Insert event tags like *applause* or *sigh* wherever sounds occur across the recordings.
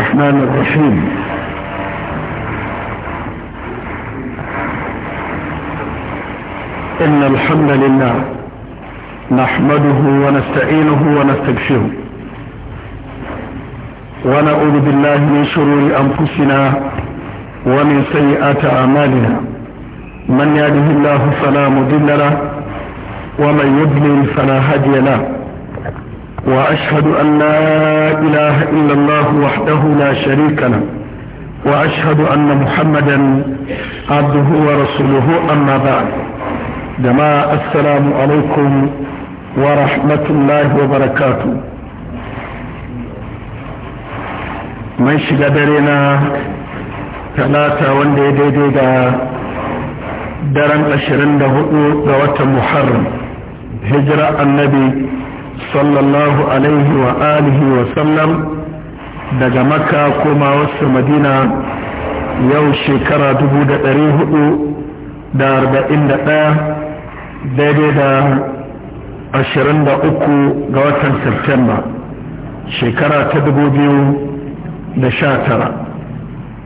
الرحمن الرحيم إن الحمد لله نحمده ونستعينه ونستبشره ونعوذ بالله من شرور أنفسنا ومن سيئات أعمالنا من يهده الله فلا مضل له ومن يضلل فلا هادي له وأشهد أن لا إله إلا الله وحده لا شريك له وأشهد أن محمدا عبده ورسوله أما بعد جماعة السلام عليكم ورحمة الله وبركاته من شقدرنا ثلاثة وندي دي دي دا درن أشرين دا محرم هجرة النبي sallallahu alaihi wa alihi wa sallam daga maka koma wasu madina yau shekara dubu da hudu da arba'in da ɗaya daidai da ashirin da uku ga watan Septemba shekara ta dubu biyu da sha tara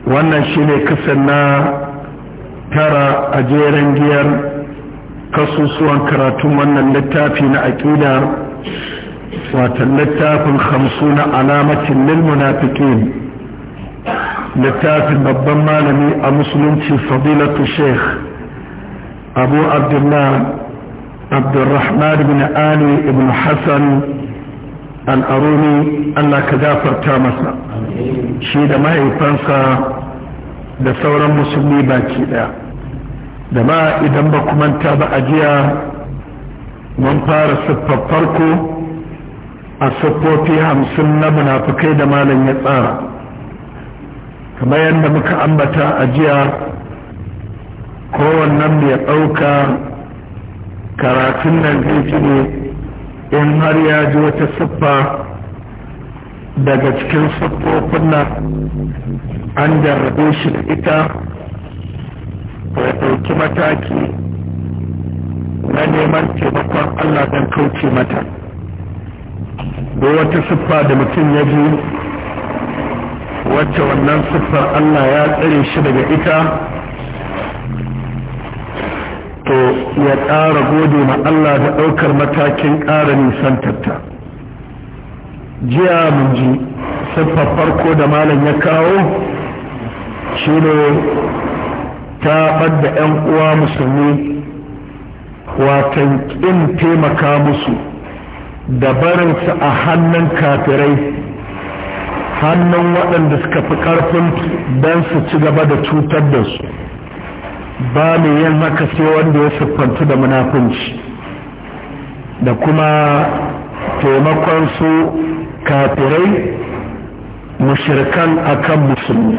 wannan shine kasan na tara a jerin giyar kasusuwan karatun wannan littafi na aƙida watan littafin hamsu na alamacin lil littafin babban malami a musulunci fadilatu sheikh abu abdullah abdurrahman bin ali ibn hassan al'aruni allah ka gafarta masa shi da mahaifansa da sauran musulmi baki daya da ma idan ba manta ba a jiya mun fara siffar farko a siffofi hamsin na munafukai da malam ya tsara kamar yadda muka ambata a jiya kowannen ya ɗauka karatun nan zai ne in har ya ji wata siffa daga cikin siffofin nan an jarrabe shi da ita ya ɗauki mataki na neman taimakon Allah don kauce mata da wata siffa da mutum ya ji wacce wannan siffar Allah ya tsare shi daga ita to ya ƙara gode ma Allah da ɗaukar matakin ƙara tatta jiya mun ji siffar farko da malam ya kawo shi ne ta ɓadda 'yan uwa musulmi watan ƙin taimaka musu da barinsu a hannun kafirai hannun waɗanda suka fi ƙarfin don su ci gaba da cutar da su ba mai yin haka sai wanda ya siffantu da munafunci da kuma taimakon su kafirai mushirkan akan musulmi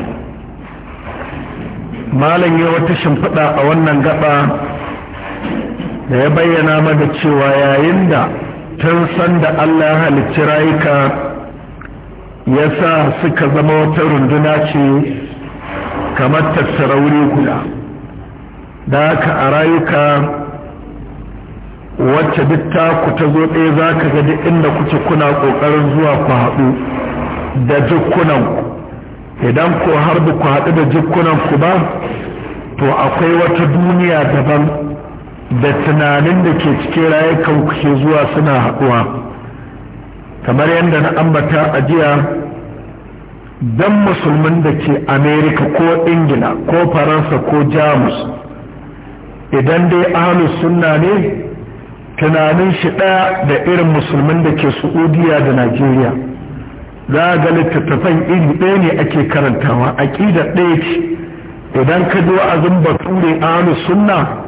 malam ya wata shimfiɗa a wannan gaba da ya bayyana mana cewa yayin da tun sanda Allah ya halicci rayuka ya sa suka zama wata runduna ce kamar tattarauri guda da haka a rayuka wacce duk ku ta zo ɗaya za ka ga inda kuke kuna ƙoƙarin zuwa ku haɗu da jikunanku idan ko har ba ku haɗu da ku ba to akwai wata duniya daban da tunanin da ke cikin rayukan kuke zuwa suna haɗuwa kamar yadda na ambata a jiya dan musulmin da ke amerika ko ingila ko faransa ko jamus idan dai ahalus sunna ne tunanin shi ɗaya da irin musulmin da ke su'udiya da najeriya za ga littattafan iri ɗaya ne ake karantawa aƙida ɗaya ce idan ka zo azin bature ahalus sunna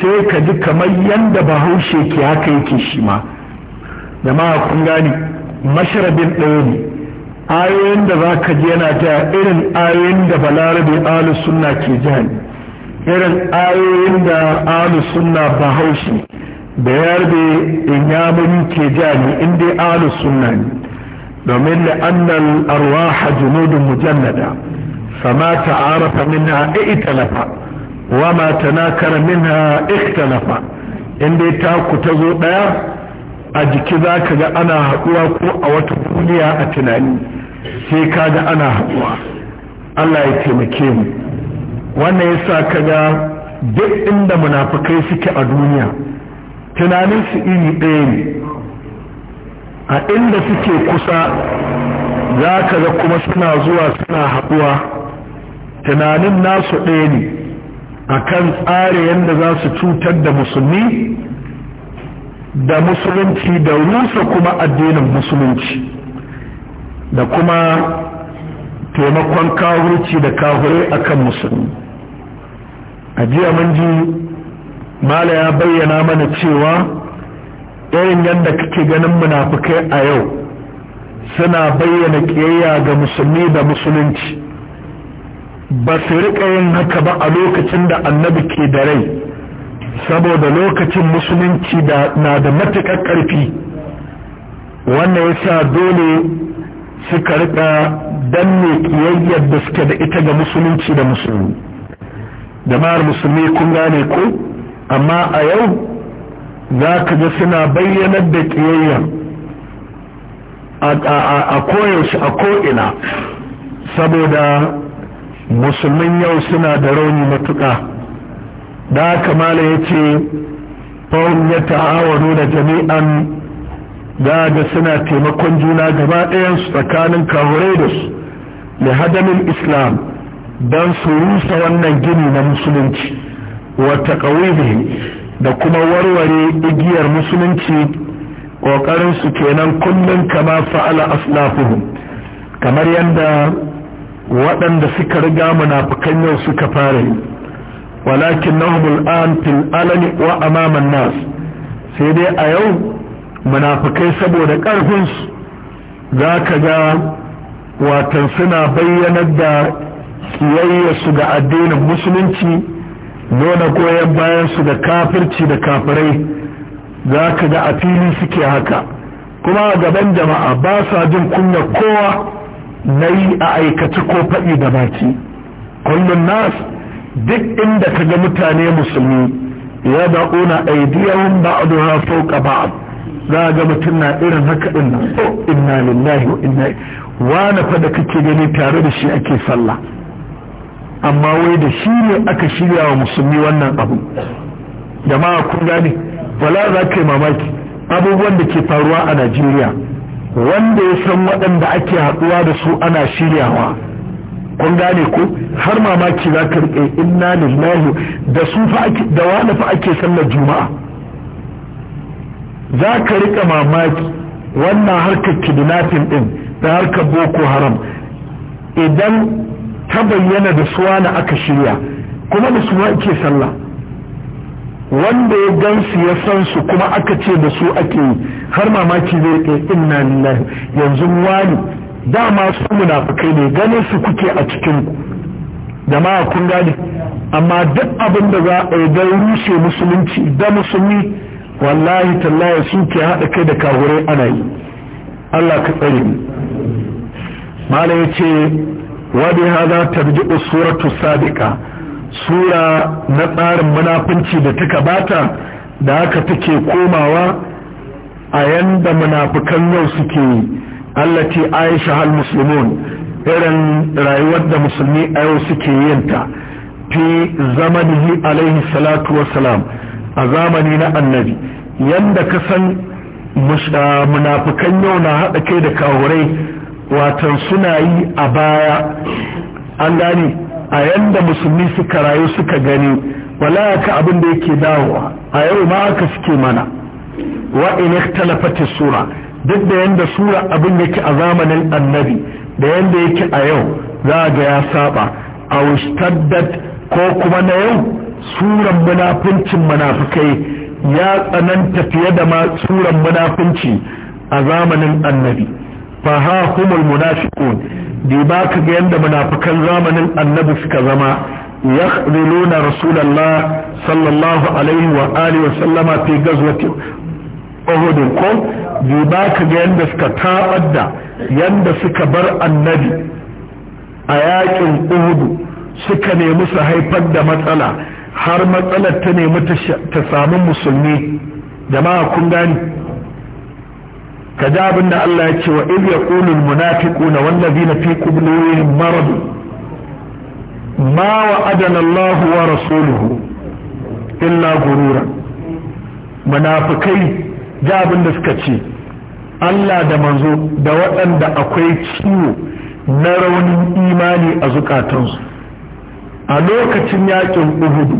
sai ka ji kamar yadda bahaushe ke haka yake shi ma jama'a kun gani masharabin ɗaya ne ayoyin da za ka ji yana ta irin ayoyin da balarabe alu sunna ke jihar irin ayoyin da alu sunna bahaushe da yarbe inyamuri ke jihar in alu sunna ne domin la'annal arwaha junudun mujallada fama ta'arafa minna ita lafa wa ma tanakara minha ikhtalafa in dai taku ta zo ɗaya, a jiki za ka ga ana haduwa ko a wata duniya a tunani sai ka ga ana haduwa Allah ya taimake mu wannan yasa ka ga duk inda munafukai suke a duniya tunanin su iri ɗaya ne a inda suke kusa za ka ga kuma suna zuwa suna haɗuwa, tunanin nasu ɗaya ne akan tsare yadda za su cutar da musulmi da musulunci da rusa kuma addinin musulunci da kuma taimakon kawurci da a akan musulmi a jiya mun ji mala ya bayyana mana cewa irin yadda kake ganin munafukai a yau suna bayyana ƙiyayya ga musulmi da musulunci ba su riƙa yin haka ba a lokacin da annabi ke da rai saboda lokacin musulunci na da matuƙar ƙarfi wannan ya sa dole suka riƙa danne ƙiyayyar da suke da ita ga musulunci da musulmi jama'ar musulmi kun gane ko amma a yau za ka ga suna bayyanar da ƙiyayyar a koyaushe a ko'ina saboda musulmin yau suna da rauni matuƙa da haka mala ya ce fahim ya ta'awaro da jami'an da da suna taimakon juna gaba ɗayansu tsakanin kahurai da hadamin islam don su rusa wannan gini na musulunci wata ƙawibi da kuma warware igiyar musulunci ƙoƙarinsu kenan kullum kama fa'ala aslafuhum kamar yadda waɗanda suka riga munafikan yau suka fara yi walakin nahumul an fil alani wa amaman nas sai dai a yau munafikai saboda ƙarfinsu za ka ga watan suna bayyanar da su ga addinin musulunci nuna goyon su da kafirci da kafirai za ka ga a fili suke haka kuma a gaban jama'a ba sa jin kunya kowa na yi a aikaci ko faɗi da baki kullum nas duk inda ka ga mutane musulmi ya ba a ba'daha ba ba'd za ga mutum na irin haka din nan oh inna lillahi wa inna wani fa da kake gani tare da shi ake sallah amma wai da shi ne aka shirya wa musulmi wannan abu jama'a kun gane wala za ka yi mamaki abubuwan da ke faruwa a najeriya wanda ya san waɗanda ake haɗuwa da su ana shiryawa kun gane ko har mamaki za ka riƙe inna lillahi da su da wani fa ake sallar juma'a za ka riƙa mamaki wannan harkar kidnapping ɗin da harkar boko haram idan ta bayyana da suwa na aka shirya kuma da suwa ke sallah wanda ya gansu ya san su kuma aka ce da su ake yi har mamaki zai ke inna lillahi yanzu wani dama su munafukai ne ganin su kuke a cikin ku jama'a kun gane amma duk abin da za a yi don rushe musulunci da musulmi wallahi tallahi su ke haɗa kai da kahurai ana yi Allah ka tsare mu malam ya ce wa bi hadha tarji'u suratu sadiqa sura na tsarin munafunci da ta kabata da haka take komawa a yanda munafukan yau suke yi ce aisha hal muslimun irin rayuwar da musulmi a yau suke yinta fi zamanihi alaihi salatu wassalam a zamani na annabi yanda ka san munafukan yau na haɗa kai da kawurai watan suna yi a baya an gane a yanda musulmi suka rayu suka gani wala ka abin da yake dawowa a yau ma haka suke mana wa in ikhtalafati sura duk da yanda sura abin yake a zamanin annabi da yanda yake a yau za ga ya saba a wustaddat ko kuma na yau suran munafincin munafikai ya tsananta fiye da ma suran munafinci a zamanin annabi fa ha humul munafiqun di ba ka ga yanda munafikan zamanin annabi suka zama yakhdhuluna rasulullah sallallahu alaihi wa alihi wa sallama fi ghazwati Uhud ko di ba ka ga yanda suka tabadda yanda suka bar annabi a yakin Uhud suka nemi su haifar da matsala har matsalar ta nemi ta samu musulmi jama'a kun gani ka ji abin da Allah ya ce wa iz yaqulu na wanda zai na fi qulubihim marad ma wa'adana Allah wa rasuluhu illa gurura munafikai ji abin da suka ce Allah da manzo da waɗanda akwai ciwo na raunin imani a zukatansu a lokacin yakin uhudu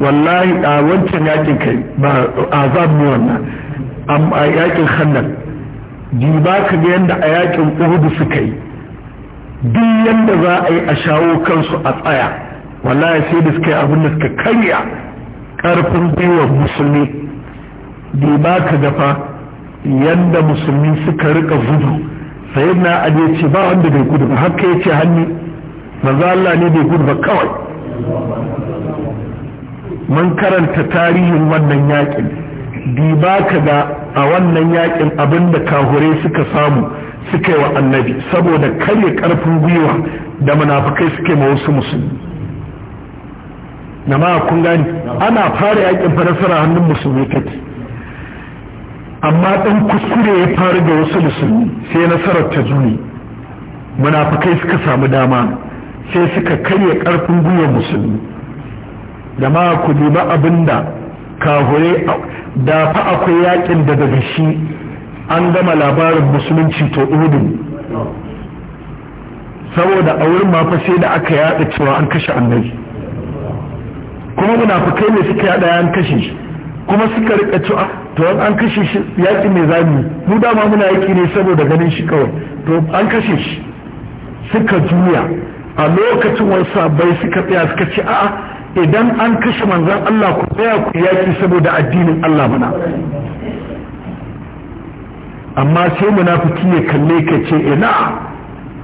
wallahi a wancan yakin kai ba azab ne wannan a yakin hannan diba ka ga yadda a yakin uhudu suka yi duk yadda za a yi a shawo kansu a tsaya wallahi sai da suka yi abin da suka karya karfin gwiwar musulmi duba ka fa yadda musulmi suka rika gudu sai na aje ce ba wanda bai gudu ba haka ya ce hannu manzo Allah ne bai gudu ba kawai mun karanta tarihin wannan yakin diba ka ga a wannan yakin abin da kahure suka samu suka yi wa annabi saboda karya karfin gwiwa da munafukai suke ma wasu musulmi na kun gani ana fara yakin farasara hannun musulmi take amma ɗan kuskure ya faru ga wasu musulmi sai nasarar ta zuni munafukai suka samu dama sai suka karya karfin gwiwa musulmi da ma ku duba abin da kahure da fa akwai yakin da daga shi an gama labarin musulunci to uhudin saboda a wurin mafa sai da aka yada cewa an kashe annabi kuma munafukai ne suka yada an kashe shi kuma suka rika cewa to an kashe shi yaki mai zami mu dama muna yaki ne saboda ganin shi kawai to an kashe shi suka juya a lokacin wasu bai suka tsaya suka ce a'a idan an kashe manzan Allah ku tsaya ku yaki saboda addinin Allah mana amma sai munafiki ya kalle ka ce ina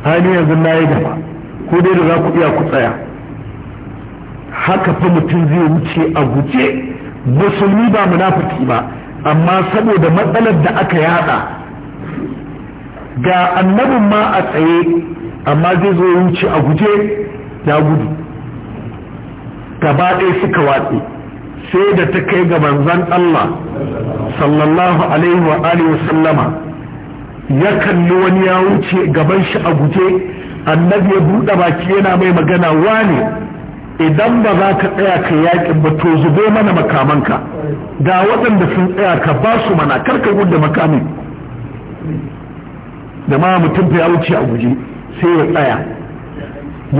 hali yanzu na yi gaba ko dai da za ku iya ku tsaya haka fa mutum zai wuce a guje musulmi ba munafiki ba amma saboda matsalar da aka yada ga annabin ma a tsaye amma zai zo ya wuce a guje ya gudu gaba ɗaya suka watsi sai da ta kai ga manzon Allah sallallahu alaihi wa alihi wasallama ya kalli wani ya wuce gaban shi a guje annabi ya buɗe baki yana mai magana wane idan ba za ka tsaya ka yakin ba to zube mana makamanka ga waɗanda sun tsaya ka ba su mana karka gudda makamin da ma mutum ya wuce a guje sai ya tsaya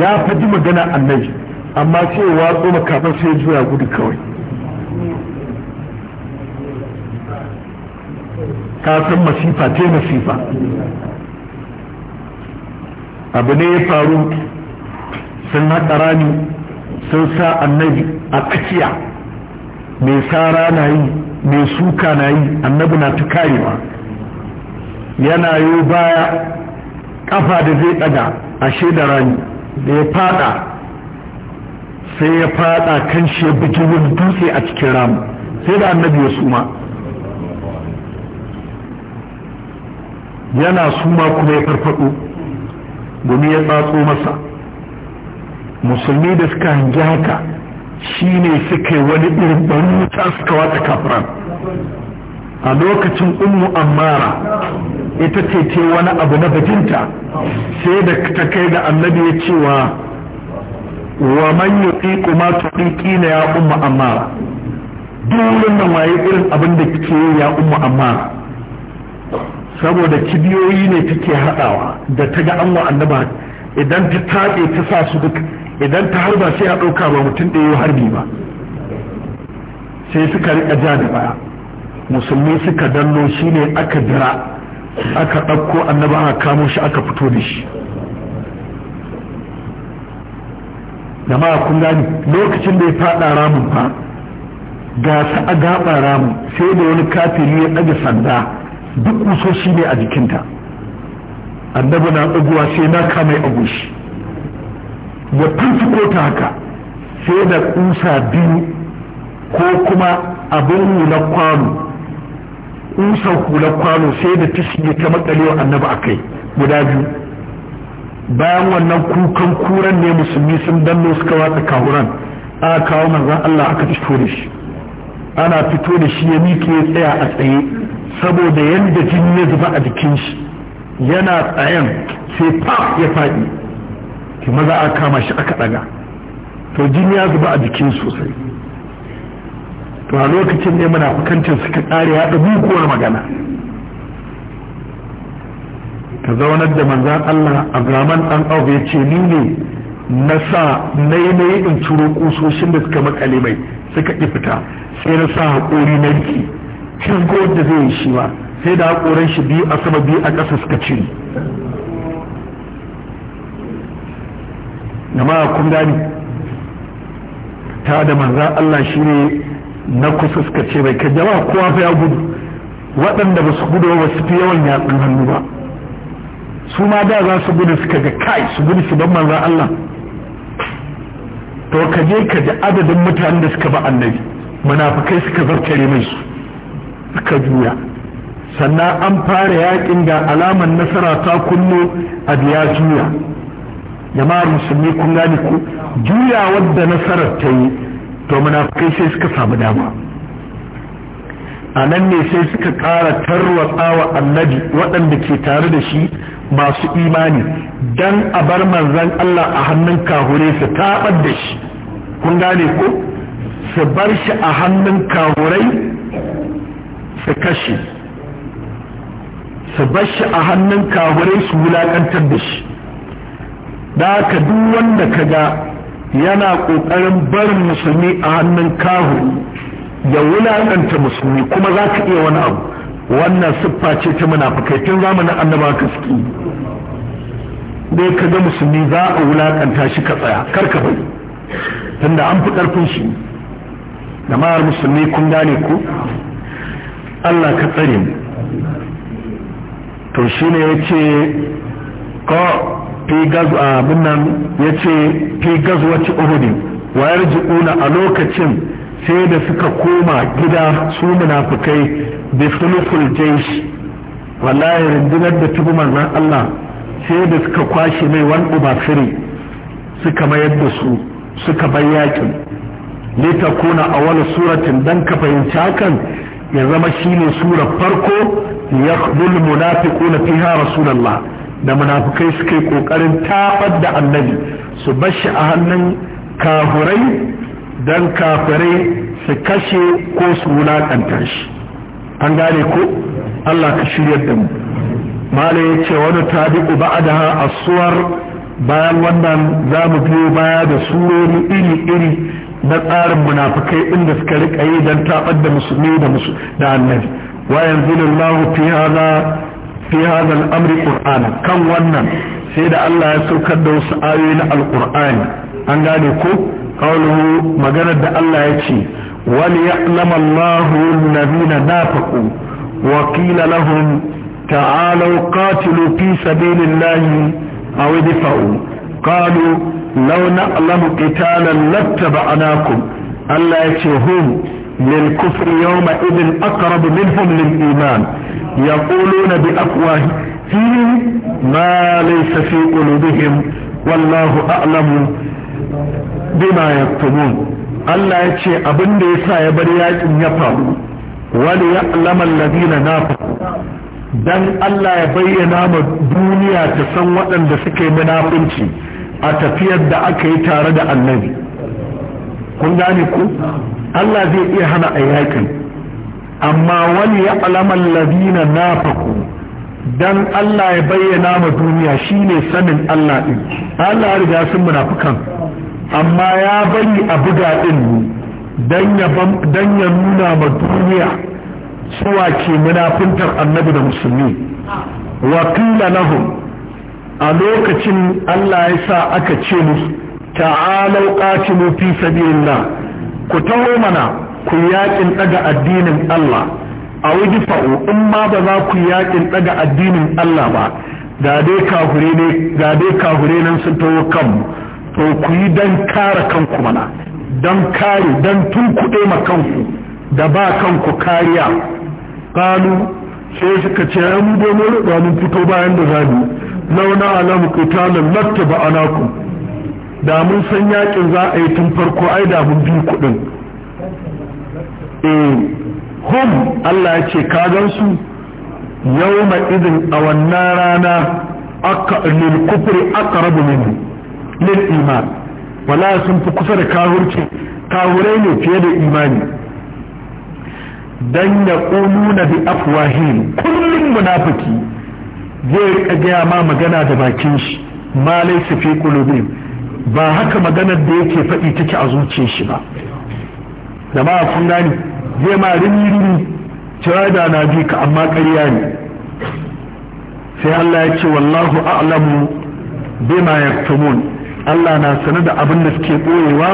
ya faɗi magana annabi amma cewa goma kafin sai juya gudu kawai ka san masifa ce masifa abu ne ya faru sun haɗa rani sun sa annabi a tsakiya mai sara na yi mai suka na yi annabi na tukarewa yana yi baya kafa da zai ɗaga ashe da rani da ya fada sai ya fada kan shi ya bugi dutse a cikin ramu sai da annabi ya suma yana suma kuma ya farfado gumi ya tsatso masa musulmi da suka hangi haka shine ne suka wani irin bari wuta suka wata kafiran a lokacin ummu ammara ita ce ce wani abu na bajinta sai da ta kai ga annabi ya cewa wa man yutiqu ma tuqiqina ya umma amma duk wannan waye irin abin da kike yi ya umma amma saboda kibiyoyi ne take hadawa da ta ga Allah annaba idan ta tabe ta sa su duk idan ta harba sai a ɗauka ba mutum da ya harbi ba sai suka rika ja da baya musulmi suka danno shine aka jira aka ɗauko annaba a kamo shi aka fito da shi jama'a kun gani lokacin da ya fada ramin fa ga su a gaba ramin sai da wani kafiri ya ɗaga sanda duk kusoshi ne a jikinta annabi na ɗaguwa sai na kama ya agushi ya fantiko ta haka sai da kusa biyu ko kuma abin hular kwano kusa hular kwano sai da ta shige ta makalewa annabi a kai guda biyu bayan wannan kukan kuran ne musulmi sun danno suka watsa kahuran A kawo manzon Allah aka fito da shi ana fito da shi ya miƙe ya tsaya a tsaye saboda yadda jini ya zuba a jikin shi yana tsayen sai fa ya faɗi ki maza a kama shi aka ɗaga to jini ya zuba a jikin sosai to a lokacin ne muna fukancin suka ƙare ya ɗabi magana ka zaunar da manzan Allah Abraman dan Auf ya ce ni ne na sa na in turo kusoshin da suka makale mai suka ƙi fita sai na sa haƙori na ki cin da zai yi shi ba sai da hakoran shi biyu a sama biyu a ƙasa suka ci a kun gani ta da manzan Allah shi ne na kusa suka ce mai ka jama'a kowa fa ya gudu waɗanda ba su gudu ba su fi yawan yatsun hannu ba su ma da za su gudu suka ga kai su gudu su ban manzan Allah to ka je ka ji adadin mutanen da suka ba annabi munafukai suka zartare mai su suka juya sannan an fara yakin da alamar nasara ta kullo a biya juya jama'ar musulmi kun gane ku juya wadda nasarar ta yi to munafukai sai suka samu dama a nan ne sai suka kara tarwatsawa annabi waɗanda ke tare da shi masu imani dan a bar manzan Allah a hannun kahure su taɓar da shi kun gane ko su bar shi a hannun kahurai su kashe su bar shi a hannun kahurai su wulaƙantar da shi da ka duk wanda ka ga yana ƙoƙarin barin musulmi a hannun kahuri ya wulaƙanta musulmi kuma za ka iya wani abu wannan siffa ce ta munafukai tun zamanin annaba ka suke dai ka ga musulmi za a wulakanta shi ka tsaya karka ka bari tunda an fi karfin shi da jama'ar musulmi kun gane ku Allah ka tsare mu to shi ne ya yace ko fi gazu abin nan yace fi gazu wacce uhudin wayar ji'una a lokacin sai da suka koma gida su munafukai bi sulhul jaish wallahi rundunar da tubu manzon Allah sai da suka kwashe mai wani uba suka mayar da su suka bar yakin a wani suratin dan ka fahimci hakan ya zama shine surar farko yaqbul munafiquna fiha rasulullah da munafukai suka yi kokarin tafar da annabi su bashi a hannun kahurai don kafirai su kashe ko su wulaƙanta shi an gane ko Allah ka shirya da mu mala ya ce wani tabi'u ba'adaha asuwar bayan wannan za mu biyo baya da surori iri-iri na tsarin munafukai inda suka rika yi don taɓar da musulmi da musu da annabi wa yanzu lallahu fi hada al'amri qur'ana kan wannan sai da Allah ya saukar da wasu ayoyi na alqur'ani an gane ko قوله مجانا الله يتشي وليعلم الله الذين نافقوا وقيل لهم تعالوا قاتلوا في سبيل الله او ادفعوا قالوا لو نعلم قتالا لاتبعناكم الله يتشي هم للكفر يومئذ اقرب منهم للايمان يقولون بافواه فيهم ما ليس في قلوبهم والله اعلم bima tumun Allah ya ce abin da ya sa ya bar yaƙin ya faru wani ya alaman ladina nafa dan Allah ya bayyana ma duniya ta san waɗanda suka yi munafunci a tafiyar da aka yi tare da annabi kun gane ku Allah zai iya hana a yakin amma wani ya alaman ladina nafaku dan Allah ya bayyana ma duniya shine sanin Allah din Allah ya riga sun munafikan amma ya bari a buga din dan ya dan ya nuna ma duniya cewa ke munafuntar annabi da musulmi wa qila lahum a lokacin Allah ya sa aka ce musu ta'alau qatilu fi sabilillah ku taho mana ku yakin daga addinin Allah a wajen fa'o in ma ba za ku yakin ɗaga addinin Allah ba ga dai kahure ne dai nan sun tawo kan to ku yi dan kare kanku mana dan kare dan kuɗe ma kanku da ba kanku kariya qalu sai suka ce 'yan mu mun fito bayan da zabi launa alamu qitalan lattaba anakum da mun san yakin za a yi tun farko ai da mun bi kuɗin eh, hum Allah ya ce ka gansu yawma idin a wannan rana aka lil kufri aqrabu minhu lil iman wala sun fi kusa da kafirci kafirai ne fiye da imani dan na bi afwahihim kullum munafiki zai gaya ma magana da bakin shi ma fi ba haka maganar da yake faɗi take a zuciyar shi ba jama'a kun gani zai ma rini rini cewa da na bi ka amma ƙarya ne sai Allah ya ce wallahu a'lamu bima yaktumun Allah na sanar da abin da suke boyewa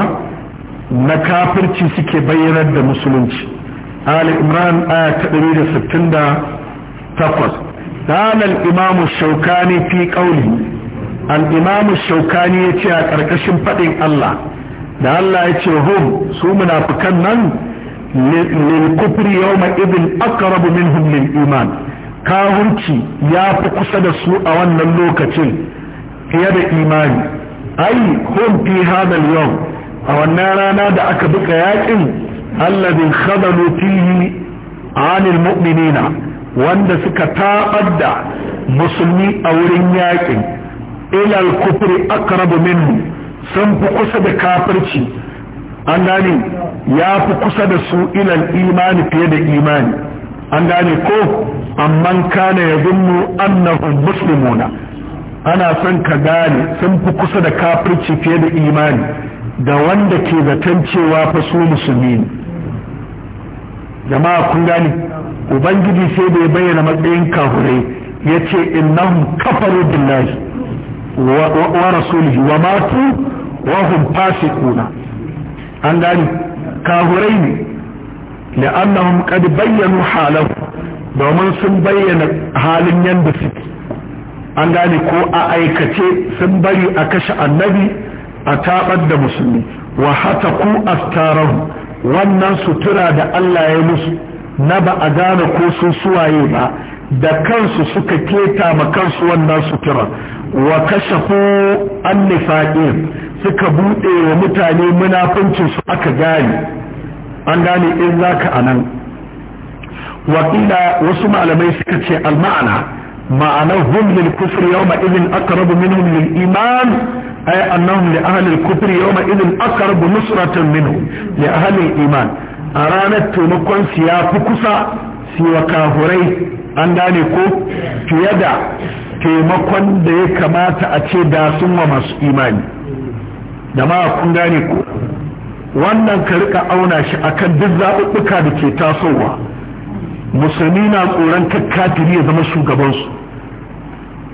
na kafirci suke bayyanar da musulunci Ali Imran aya ta 168 fi الإمام الشوكاني في قوله ya ce a أكركشن faɗin Allah. da Allah ya ce hum su munafukan nan للكفر يومئذ أقرب منهم للإيمان kawunci ya fi kusa da su a wannan lokacin fiye da imani ai hun fi hadal yau a wannan rana da aka buka yakin alladin khadalu fihi anil mu'minina wanda suka tabar da musulmi a wurin yakin ilal kufri aqrabu minhu sun fi kusa da kafirci an gane ya fi kusa da su ilal imani fiye da imani an gane ko amma kana ya zunmu annahum muslimuna ana son ka gane sun fi kusa da kafirci fiye da imani da wanda ke zaton cewa fa su musulmi ne jama'a kun gane ubangiji sai bai bayyana matsayin kafirai ya ce innahum kafaru billahi wa rasulihi wa matu wa hum fasiquna an gani kahurai ne la'annahum bayyanu halahu domin sun bayyana halin yanda suke an gane ko a aikace sun bari a kashe annabi a tabar da musulmi wa ku astarahu wannan sutura da Allah ya musu na ba a gane ko sun suwaye ba da kansu suka keta ma kansu wannan sutura wa kashafu an nifaqin suka bude wa mutane munafincin su aka gane an gane in zaka anan wa kila wasu malamai suka ce al ma'ana ma'anar hum lil kufri yawma idhin aqrabu minhum lil iman ay annahum li ahli al kufri yawma idhin aqrabu nusratan minhum li ahli al iman a ranar taimakon su ya fi kusa su wa kafurai an gane ko fiye da taimakon da ya kamata a ce da sun wa masu imani da ma kun gane ko wannan ka rika auna shi akan duk zaɓuɓɓuka da ke tasowa musulmi na tsoron kakkatiri ya zama shugabansu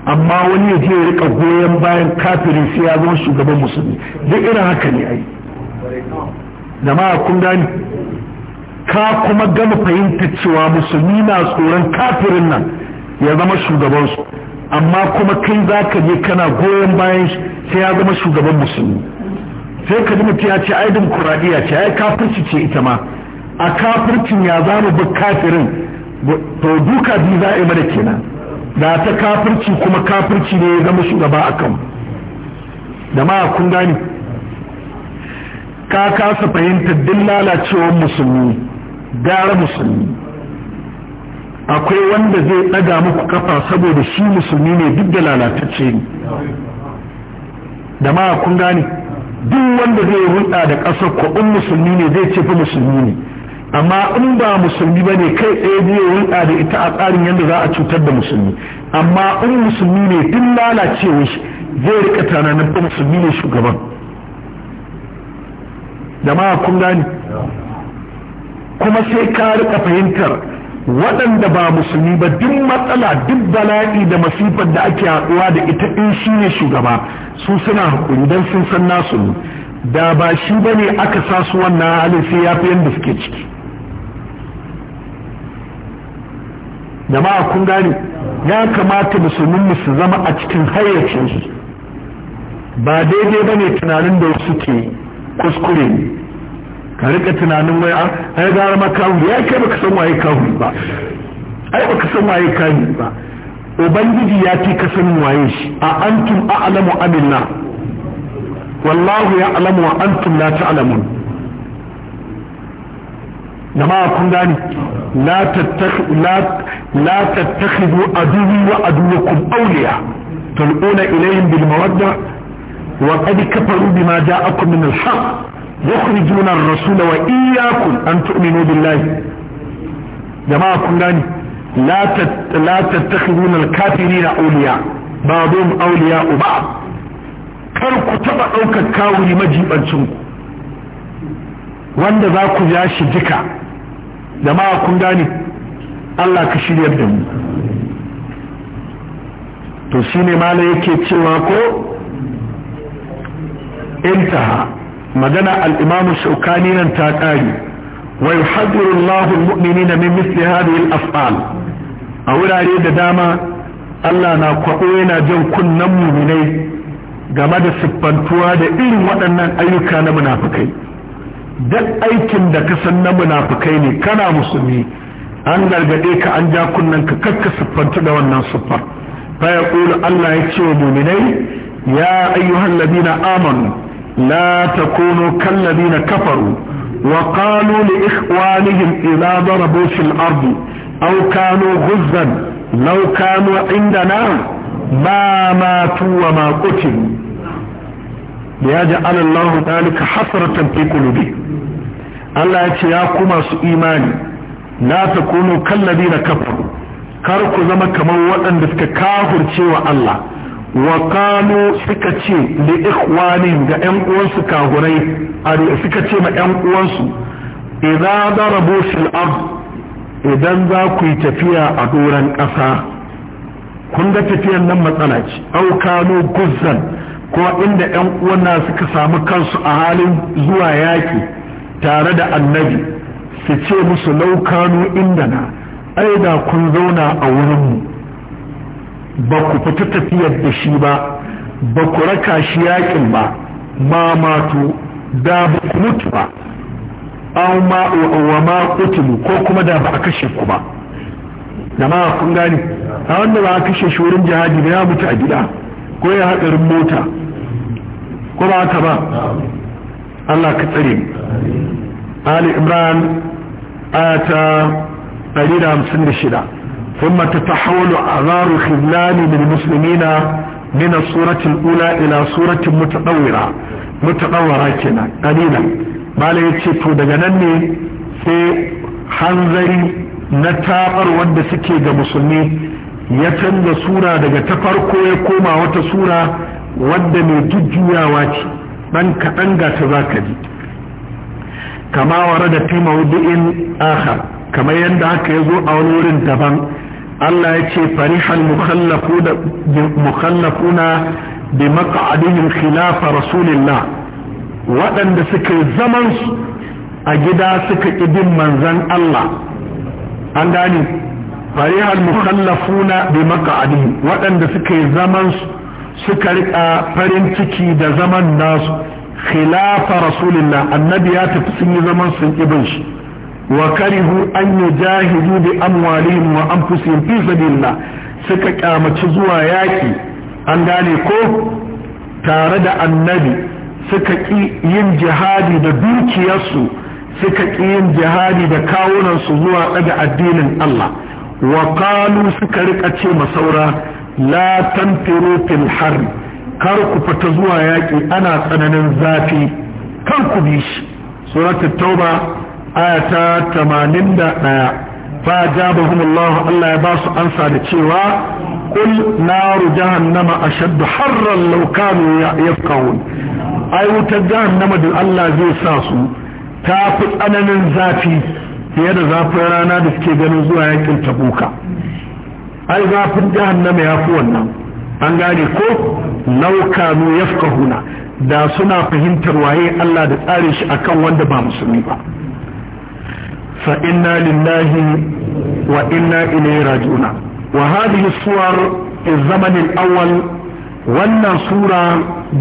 amma wani ya je ya rika goyon bayan kafirin sai ya zama shugaban musulmi duk irin haka ne ai da ma kun gane ka kuma gama fahimta cewa musulmi na tsoron kafirin nan ya zama shugabansu amma kuma kai za ka je kana goyon bayan shi sai ya zama shugaban musulmi sai ka ji ya ce ai dimokuraɗiyya ce ai kafirci ce ita ma a kafircin ya za mu kafirin to duka biyu za a yi mana kenan da ta kafirci kuma kafirci ne ya zama shugaba a kan da ma kun gani ka kasa fahimtar duk lalacewar musulmi gara musulmi akwai wanda zai ɗaga muku kafa saboda shi musulmi ne duk da lalatacce ne da ma kun gane duk wanda zai hulɗa da ƙasar ko in musulmi ne zai ce fi musulmi ne amma in ba musulmi ba ne kai tsaye zai hulɗa da ita a tsarin yadda za a cutar da musulmi amma in musulmi ne duk lalacewa shi zai rika tananin ba musulmi ne shugaban da ma kun gane kuma sai ka rika fahimtar waɗanda ba musulmi ba duk matsala duk bala'i da masifar da ake haɗuwa da ita in shi ne shugaba su suna hakuri don sun san nasu ne da ba shi ba ne aka sa su wannan halin sai ya fi yadda suke ciki jama'a kun gane ya kamata musulmin su zama a cikin hayyacinsu ba daidai ba ne tunanin da wasu ke kuskure ka rika tunanin wai a ai gara ma kahu ya kai baka san waye kahu ba ai baka san waye kahu ba ubangiji ya ce ka san waye shi a antum a'lamu amillah wallahu ya'lamu wa antum la ta'lamun jama'a kun gani la tattakhidu la tattakhidu aduwwi wa aduwwakum awliya tulquna ilayhim bil mawadda wa qad kafaru bima ja'akum min al-haqq yukhrijuna ar-rasula wa iyyakum an tu'minu billahi jama'a kun gani la la tattakhiduna al-kafirina awliya ba'dhum awliya ba'd kar ku taɓa ɗaukar kawuri majibancin wanda za ku ja shi jika jama'a kun gani Allah ka shirya da mu to shine mala yake cewa ko intaha magana al-imam shaukani nan ta kare wa yuhadiru Allahu al-mu'minina min mithli afal a wurare da dama Allah na kwabo yana jan kunnan mu'minai game da siffantuwa da irin waɗannan ayyuka na munafukai. duk aikin da ka san na munafukai ne kana musulmi an gargaɗe ka an ja kunnen ka kakka siffantu da wannan siffa fa yaqulu Allah ya ce wa mu'minai ya ayyuhan ladina amanu la takunu kallabina kafaru wa qalu li ikhwanihim idha darabu fil ardi aw kanu ghuzzan law kanu indana ma matu wa ma qutilu liyaj'al Allahu dhalika hasratan fi qulubi Allah ya ce ya ku masu imani la takunu na kafaru kar ku zama kamar waɗanda suka kafurce wa Allah wa suka ce da ikwani ga yan uwansu kagurai suka ce ma yan uwansu idan darabu fil ard idan za ku yi tafiya a doran ƙasa kun ga tafiyan nan matsala ce au guzzan ko inda yan uwan suka samu kansu a halin zuwa yaki tare da annabi su ce musu laukano inda na aida kun zauna a wurinmu ba ku fita tafiyar da shi ba ba ku raka shi yakin ba ma mato da ba ku mutu ba an ma ma kutulu ko kuma da ba a kashe ku ba da ma kun gani a wanda ba a kashe shi wurin jihadi da ya mutu a gida ko ya haɗarin mota ko ba haka ba Allah ka tsare Ali Imran ayata 156 ثم تتحول أغار خذلان للمسلمين من الصورة الأولى إلى صورة متطورة متطورة كنا قليلا ما لا يتشفوا دقنني في حنزري نتاقر ود سكي مسلمي يتن صورة دقا تفرقو يكوما وتصورة ود ميتجيا واتي من كتنغا تذاكدي كما ورد في موضع آخر كما يندعك يزوء أولور دبان Allah ya ce farihal mukhallafuna bi maq'adihim khilafa rasulillah waɗanda suka zaman su a gida suka ƙidin manzan Allah an gane farihal mukhallafuna bi maq'adihim waɗanda suka zaman su suka riƙa farin ciki da zaman nasu khilafa rasulillah annabi ya tafi sun yi zaman sun ƙibin shi wa karihu an da bi amwalihim wa anfusihim fi sabilillah suka kyamaci zuwa yaki an gane ko tare da annabi suka ki yin jihadi da dukiyarsu suka ki yin jihadi da kawunansu zuwa ɗaga addinin Allah wa qalu suka rika ce masaura la tanfiru fil har kar ku fita zuwa yaƙi ana tsananin zafi kar ku bi shi suratul tauba ayata 81 fa jabahum Allah Allah ya ba su ansa da cewa kul naru jahannama ashaddu harran law kanu yafqahun ai wutar jahannama da Allah zai sa su tafi tsananin zafi fiye da zafin rana da suke ganin zuwa yakin tabuka ai zafin jahannama ya fi wannan an gane ko laukanu yafkahuna da suna fahimtar waye Allah da tsare shi akan wanda ba musulmi ba fa inna lillahi wa inna ilaihi raji'un wa wannan sura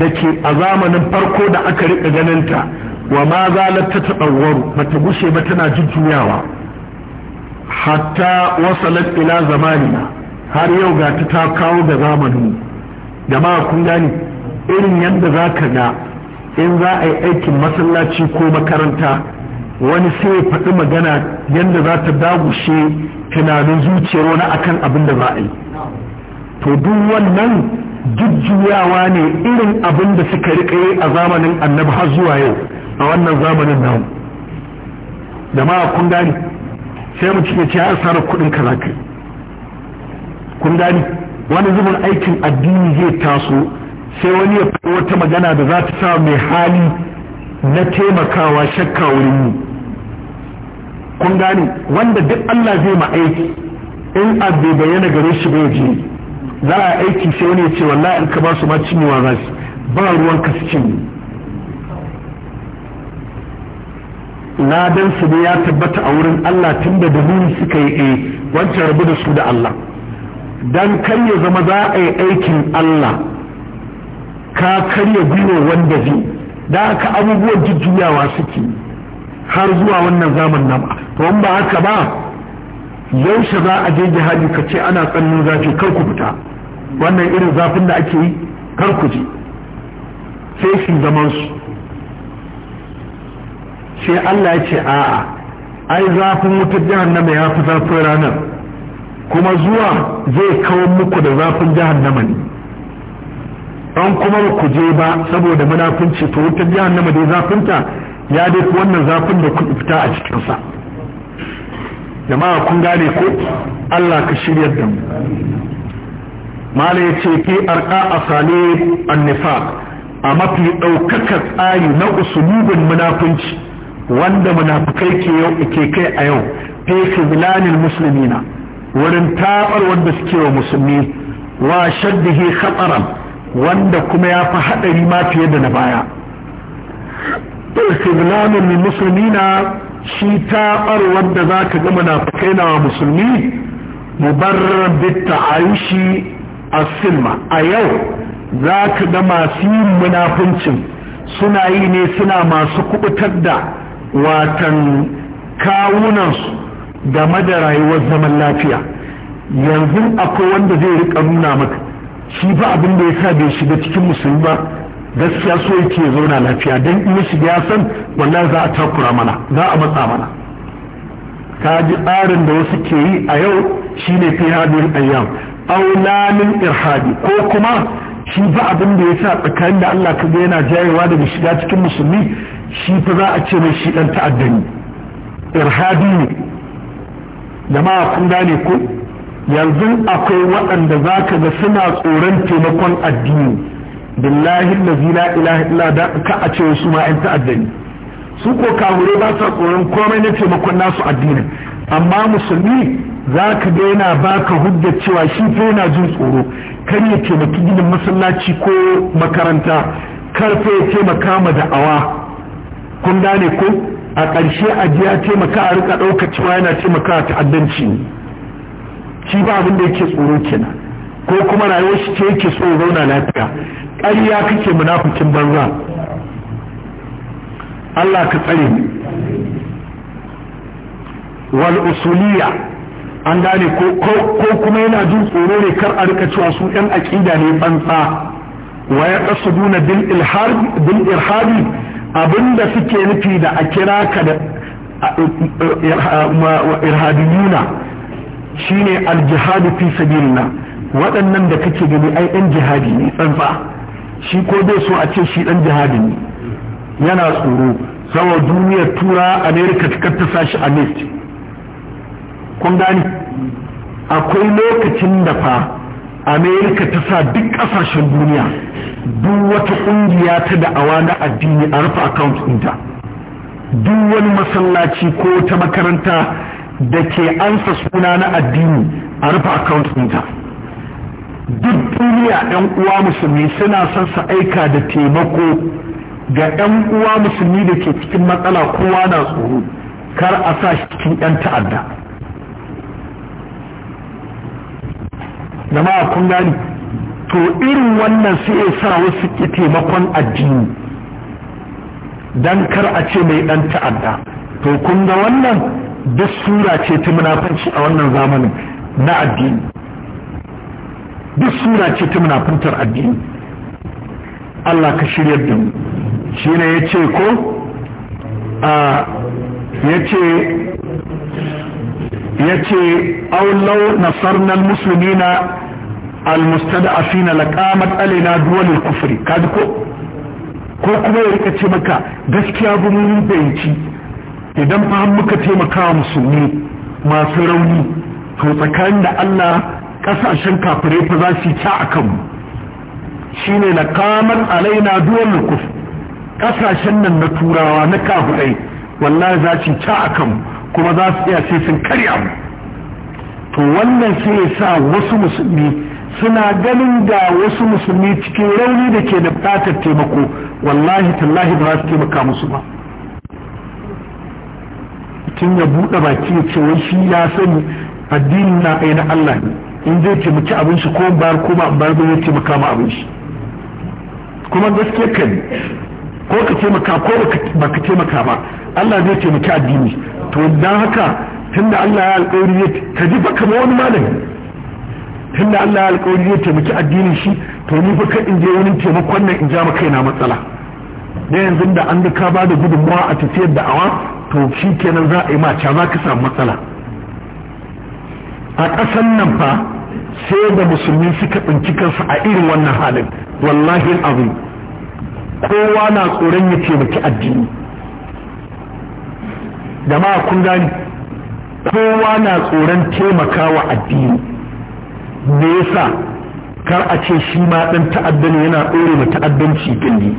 da ke a zamanin farko da aka riƙa ganinta wa ma zalat ta ba bata gushe ba tana jujjuyawa hatta wasalat ila zamanina har yau ga ta ta kawo ga zamanin jama'a kun gani irin yadda za ka ga in za a yi aikin masallaci ko makaranta wani sai ya faɗi magana yadda za ta dagushe tunanin zuciyar wani akan abin da za a yi to duk wannan jujjuyawa ne irin abin da suka riƙe a zamanin annabi har zuwa yau a wannan zamanin namu da ma kun gani sai mu cike ce sarar kuɗin kaza kai kun gani wani zubin aikin addini zai taso sai wani ya faɗi wata magana da za ta sa mai hali na taimakawa shakka wurin mu kun gane wanda duk Allah zai ma aiki in abu bayyana gare shi bai ji za a aiki sai wani ya ce wallahi in ka ba su ma cinyewa za su ba ruwan ka su cinye dan su ne ya tabbata a wurin Allah tun da dubu suka yi eh wancan rabu da su da Allah dan kar ya zama za a yi aikin Allah ka karya gwiwa wanda zai da aka abubuwan jujjuyawa suke har zuwa wannan zaman nan to in ba haka ba yaushe za a je jihadi ka ce ana tsannin zafi kar ku fita wannan irin zafin da ake yi kar ku je sai su zaman su sai Allah ya ce a'a ai zafin wutar jahannama ya fi zafin ranar kuma zuwa zai kawo muku da zafin jahannama ne an kuma ku je ba saboda munafunci to wutar jahannama dai zafinta ya dai wannan zafin da kuɗi fita a cikinsa jama'a kun gane ko Allah ka shiryar da mu mala ya ce ke arka a sale annifa a mafi ɗaukaka tsari na usulubin munafunci wanda munafukai ke kai a yau fi musulmina wurin taɓar wanda suke wa musulmi wa shaddihi khataran wanda kuma ya fi haɗari ma fiye da na baya musulmi na shi taɓarwar da za ka ga munafikai na musulmi mubarrar bitta ayushi a silma a yau za ka ga masu yin suna yi ne suna masu kubutar da watan kawunansu game da rayuwar zaman lafiya yanzu akwai wanda zai riƙa nuna maka shi ba abin da ya sa bai shiga cikin musulmi ba gaskiya so yake zauna lafiya don in shi ya san wallahi za a takura mana za a matsa mana ka ji tsarin da wasu ke yi a yau shine fi hadin ayyam Aulamin irhadi ko kuma shi ba abin da ya sa tsakanin da Allah ka ga yana jayewa daga shiga cikin musulmi shi fa za a ce mai shi dan ta'addani irhadi ne jama'a kun gane ko yanzu akwai waɗanda za ka ga suna tsoron taimakon addini billahi allazi la ilaha illa da ka a ce su ma yan su ko kamure ba sa tsoron komai na taimakon nasu addinin amma musulmi za ka ga yana baka hujjar cewa shi fa yana jin tsoro kan ya taimaki ginin masallaci ko makaranta kar fa ya taimaka ma da'awa kun gane ko a ƙarshe ajiya taimaka a rika ɗauka cewa yana taimaka ta'addanci shi ba abin da yake tsoro kenan ko kuma rayuwar shi ce yake so zauna lafiya ƙarya kake munafikin banza Allah ka tsare wal usuliya an gane ko kuma yana jin tsoro ne kar a rika cewa su ɗan aƙida ne banza. wa ya qasduna bil bil irhabi abinda suke nufi da a kira ka da irhadiyuna shine al jihad fi sabilillah waɗannan da kake gani ai ɗan jihadi ne tsantsa shi ko bai so a ce shi dan jihadi ne yana tsoro saboda duniya tura america ta sashi a net kun gani akwai lokacin da fa america ta sa duk kasashen duniya duk wata kungiya ta da'awa na addini a rufe account ɗinta duk wani masallaci ko ta makaranta da ke ansa suna na addini a rufe account ɗinta duk duniya yan uwa musulmi suna son su aika da taimako ga yan uwa musulmi da ke cikin matsala kowa na tsoro kar a sa shi cikin yan ta'adda jama'a kun gani to irin wannan sai ya sa wasu ke taimakon addini dan kar a ce mai ɗan ta'adda to kun ga wannan duk sura ce ta munafanci a wannan zamanin na addini duk suna ce ta munafuntar addini Allah ka shiryar da mu shi ne ya ce ko a ya ce ya ce aulau nasarnan musulmi na almustada fina laƙamar alina duwalin kufri kaji ko ko kuma ya rika ce maka gaskiya gumin bayanci idan fa muka taimaka musulmi masu rauni to tsakanin da Allah kasashen kafirai fa za su ta akan mu shine na kamar alaina duwal kuf kasashen nan na turawa na kafirai wallahi za su ta akan kuma za su iya sai sun karya mu to wannan sai ya sa wasu musulmi suna ganin da wasu musulmi cikin rauni da ke da bukatar taimako wallahi tallahi ba za su taimaka musu ba tun ya buɗe baki ya ce wai shi ya sani addini na ainihin Allah ne in zai taimaki abin shi ko bayar ko bayar ba zai taimaka ma abin shi kuma gaskiya ka ne ko ka taimaka ko ba ka taimaka ba Allah zai taimaki addini to dan haka tunda Allah ya alƙawari ne ka ji ba kamar wani malami tunda Allah ya alƙawari ne taimaki addinin shi to ni fa kan in je wani taimakon nan in ja ma kaina matsala dan yanzu da an ga ka ba da gudunmawa a tafiyar awa to shi kenan za a yi ma ca za ka samu matsala a ƙasan nan fa sai da musulmi suka ɗinki kansu a irin wannan halin wallahi azim kowa na tsoron ya taimaki addini jama'a kun gani kowa na tsoron taimakawa addini me yasa kar a ce shi ma ɗan ta'addan yana ɗore ma ta'addanci gindi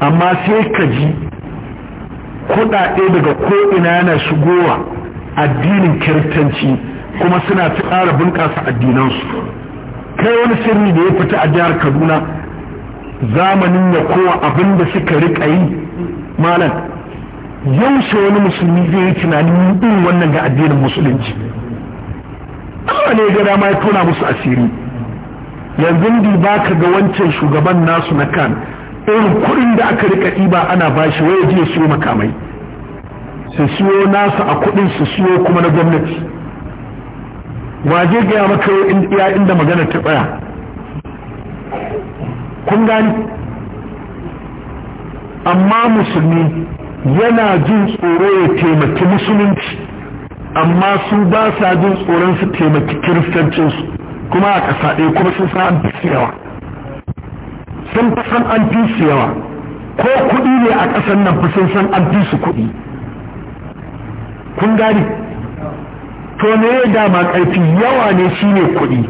amma sai ka ji kuɗaɗe daga ko'ina yana shigowa addinin kiristanci kuma suna ta ƙara bunƙasa addinansu kai wani sirri da ya fita a jihar kaduna zamanin ya kowa abin da suka riƙa yi malam yaushe wani musulmi zai yi tunanin yin wannan ga addinin musulunci Allah ne ga dama ya tona musu asiri yanzu ndi ba ka ga wancan shugaban nasu na kan irin kuɗin da aka riƙa ɗiba ana ba shi wai ya je su makamai su siyo nasu a kudin su siyo kuma na gwamnati waje gaya maka ya inda magana ta tsaya kun gani amma musulmi yana jin tsoro ya taimaki musulunci amma su ba sa jin tsoron su taimaki kiristancinsu kuma a ƙasa ɗaya kuma sun san an fi yawa sun san an fi yawa ko kuɗi ne a ƙasar nan fi sun san an fi su kuɗi kun gani to ne ya dama ƙarfi yawa ne shi ne kuɗi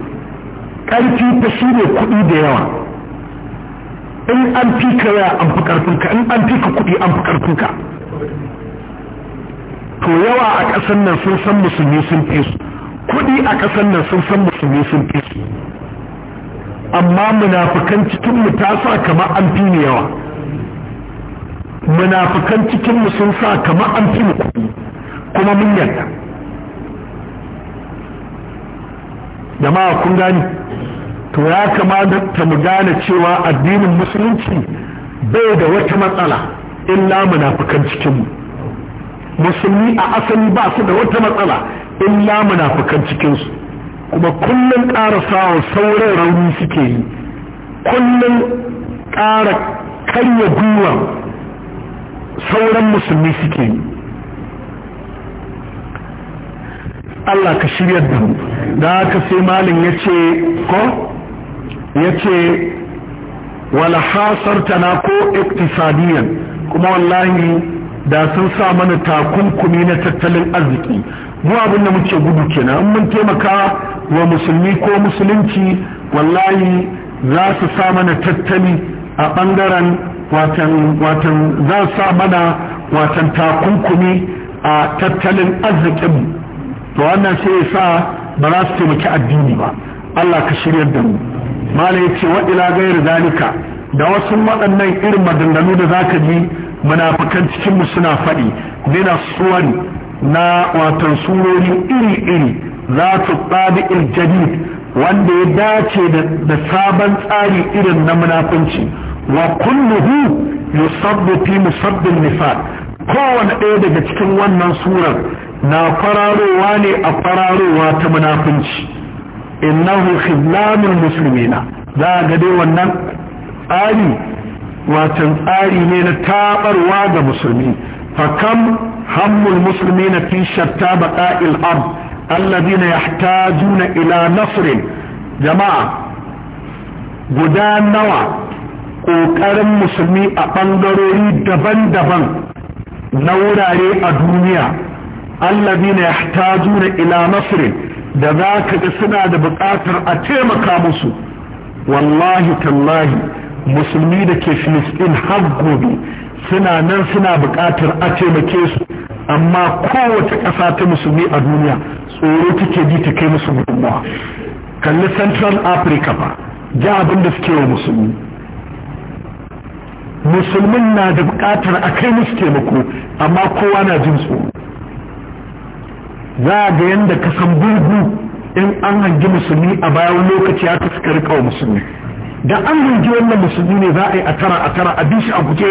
ƙarfi ta shi ne kuɗi da yawa in an fi ka yawa an fi ƙarfinka in an fi ka kuɗi an fi ƙarfinka to yawa a ƙasar nan sun san musulmi sun fi su kuɗi a ƙasar nan sun san musulmi sun fi su amma munafukan cikin mu ta sa kamar an fi ne yawa munafukan cikin mu sun sa kamar an fi mu kuɗi kuma mun yarda jama'a kun gani to ya kamata mu gane cewa addinin musulunci bai da wata matsala illa munafukan cikinmu musulmi a asali ba su da wata matsala illa munafukan cikinsu kuma kullum ƙara sawa sauran rauni suke yi kullum ƙara karya gwiwa sauran musulmi suke yi Allah ka shirya da mu da sai malin ya ce ko ya ce wala hasartana ko iktisadiyan kuma wallahi da sun sa mana takunkumi na tattalin arziki mu abin da muke gudu kenan in mun taimaka wa musulmi ko musulunci wallahi za su sa mana tattali a ɓangaren watan watan za su sa mana watan takunkumi a tattalin arzikinmu to wannan sai ya sa ba za su taimaki addini ba Allah ka shiryar da mu mala ya ce wa'ila gairu zalika da wasu waɗannan irin maganganu da za ka ji munafukan cikinmu suna faɗi Nina suwari na watan surori iri-iri za su tsabi iljadid wanda ya dace da sabon tsari irin na munafunci wa kulluhu yusabbu fi musabbin nifaq kowane ɗaya daga cikin wannan surar na kwararowa ne a kwararowa ta munafunci innahu khizlanul muslimina za ga dai wannan tsari watan tsari ne na tabarwa ga musulmi fakam hammul muslimina fi shatta baqa'il ard alladhina yahtajuna ila nasr jama'a guda nawa kokarin musulmi a bangarori daban-daban na wurare a duniya allazina yahtajuna ila nasr da zaka ga suna da buƙatar a taimaka musu wallahi tallahi musulmi da ke filistin har gobe suna nan suna buƙatar a taimake su amma kowace ƙasa ta musulmi a duniya tsoro take ji ta kai musu gudunmawa kalli central africa ba ji abin da suke wa musulmi musulmin na da buƙatar a kai musu taimako amma kowa na jin tsoro za a ga yadda ka san gurgu in an hangi musulmi a bayan lokaci ta suka rikawa musulmi da an hangi wannan musulmi ne za a yi a tara a tara a bi a guje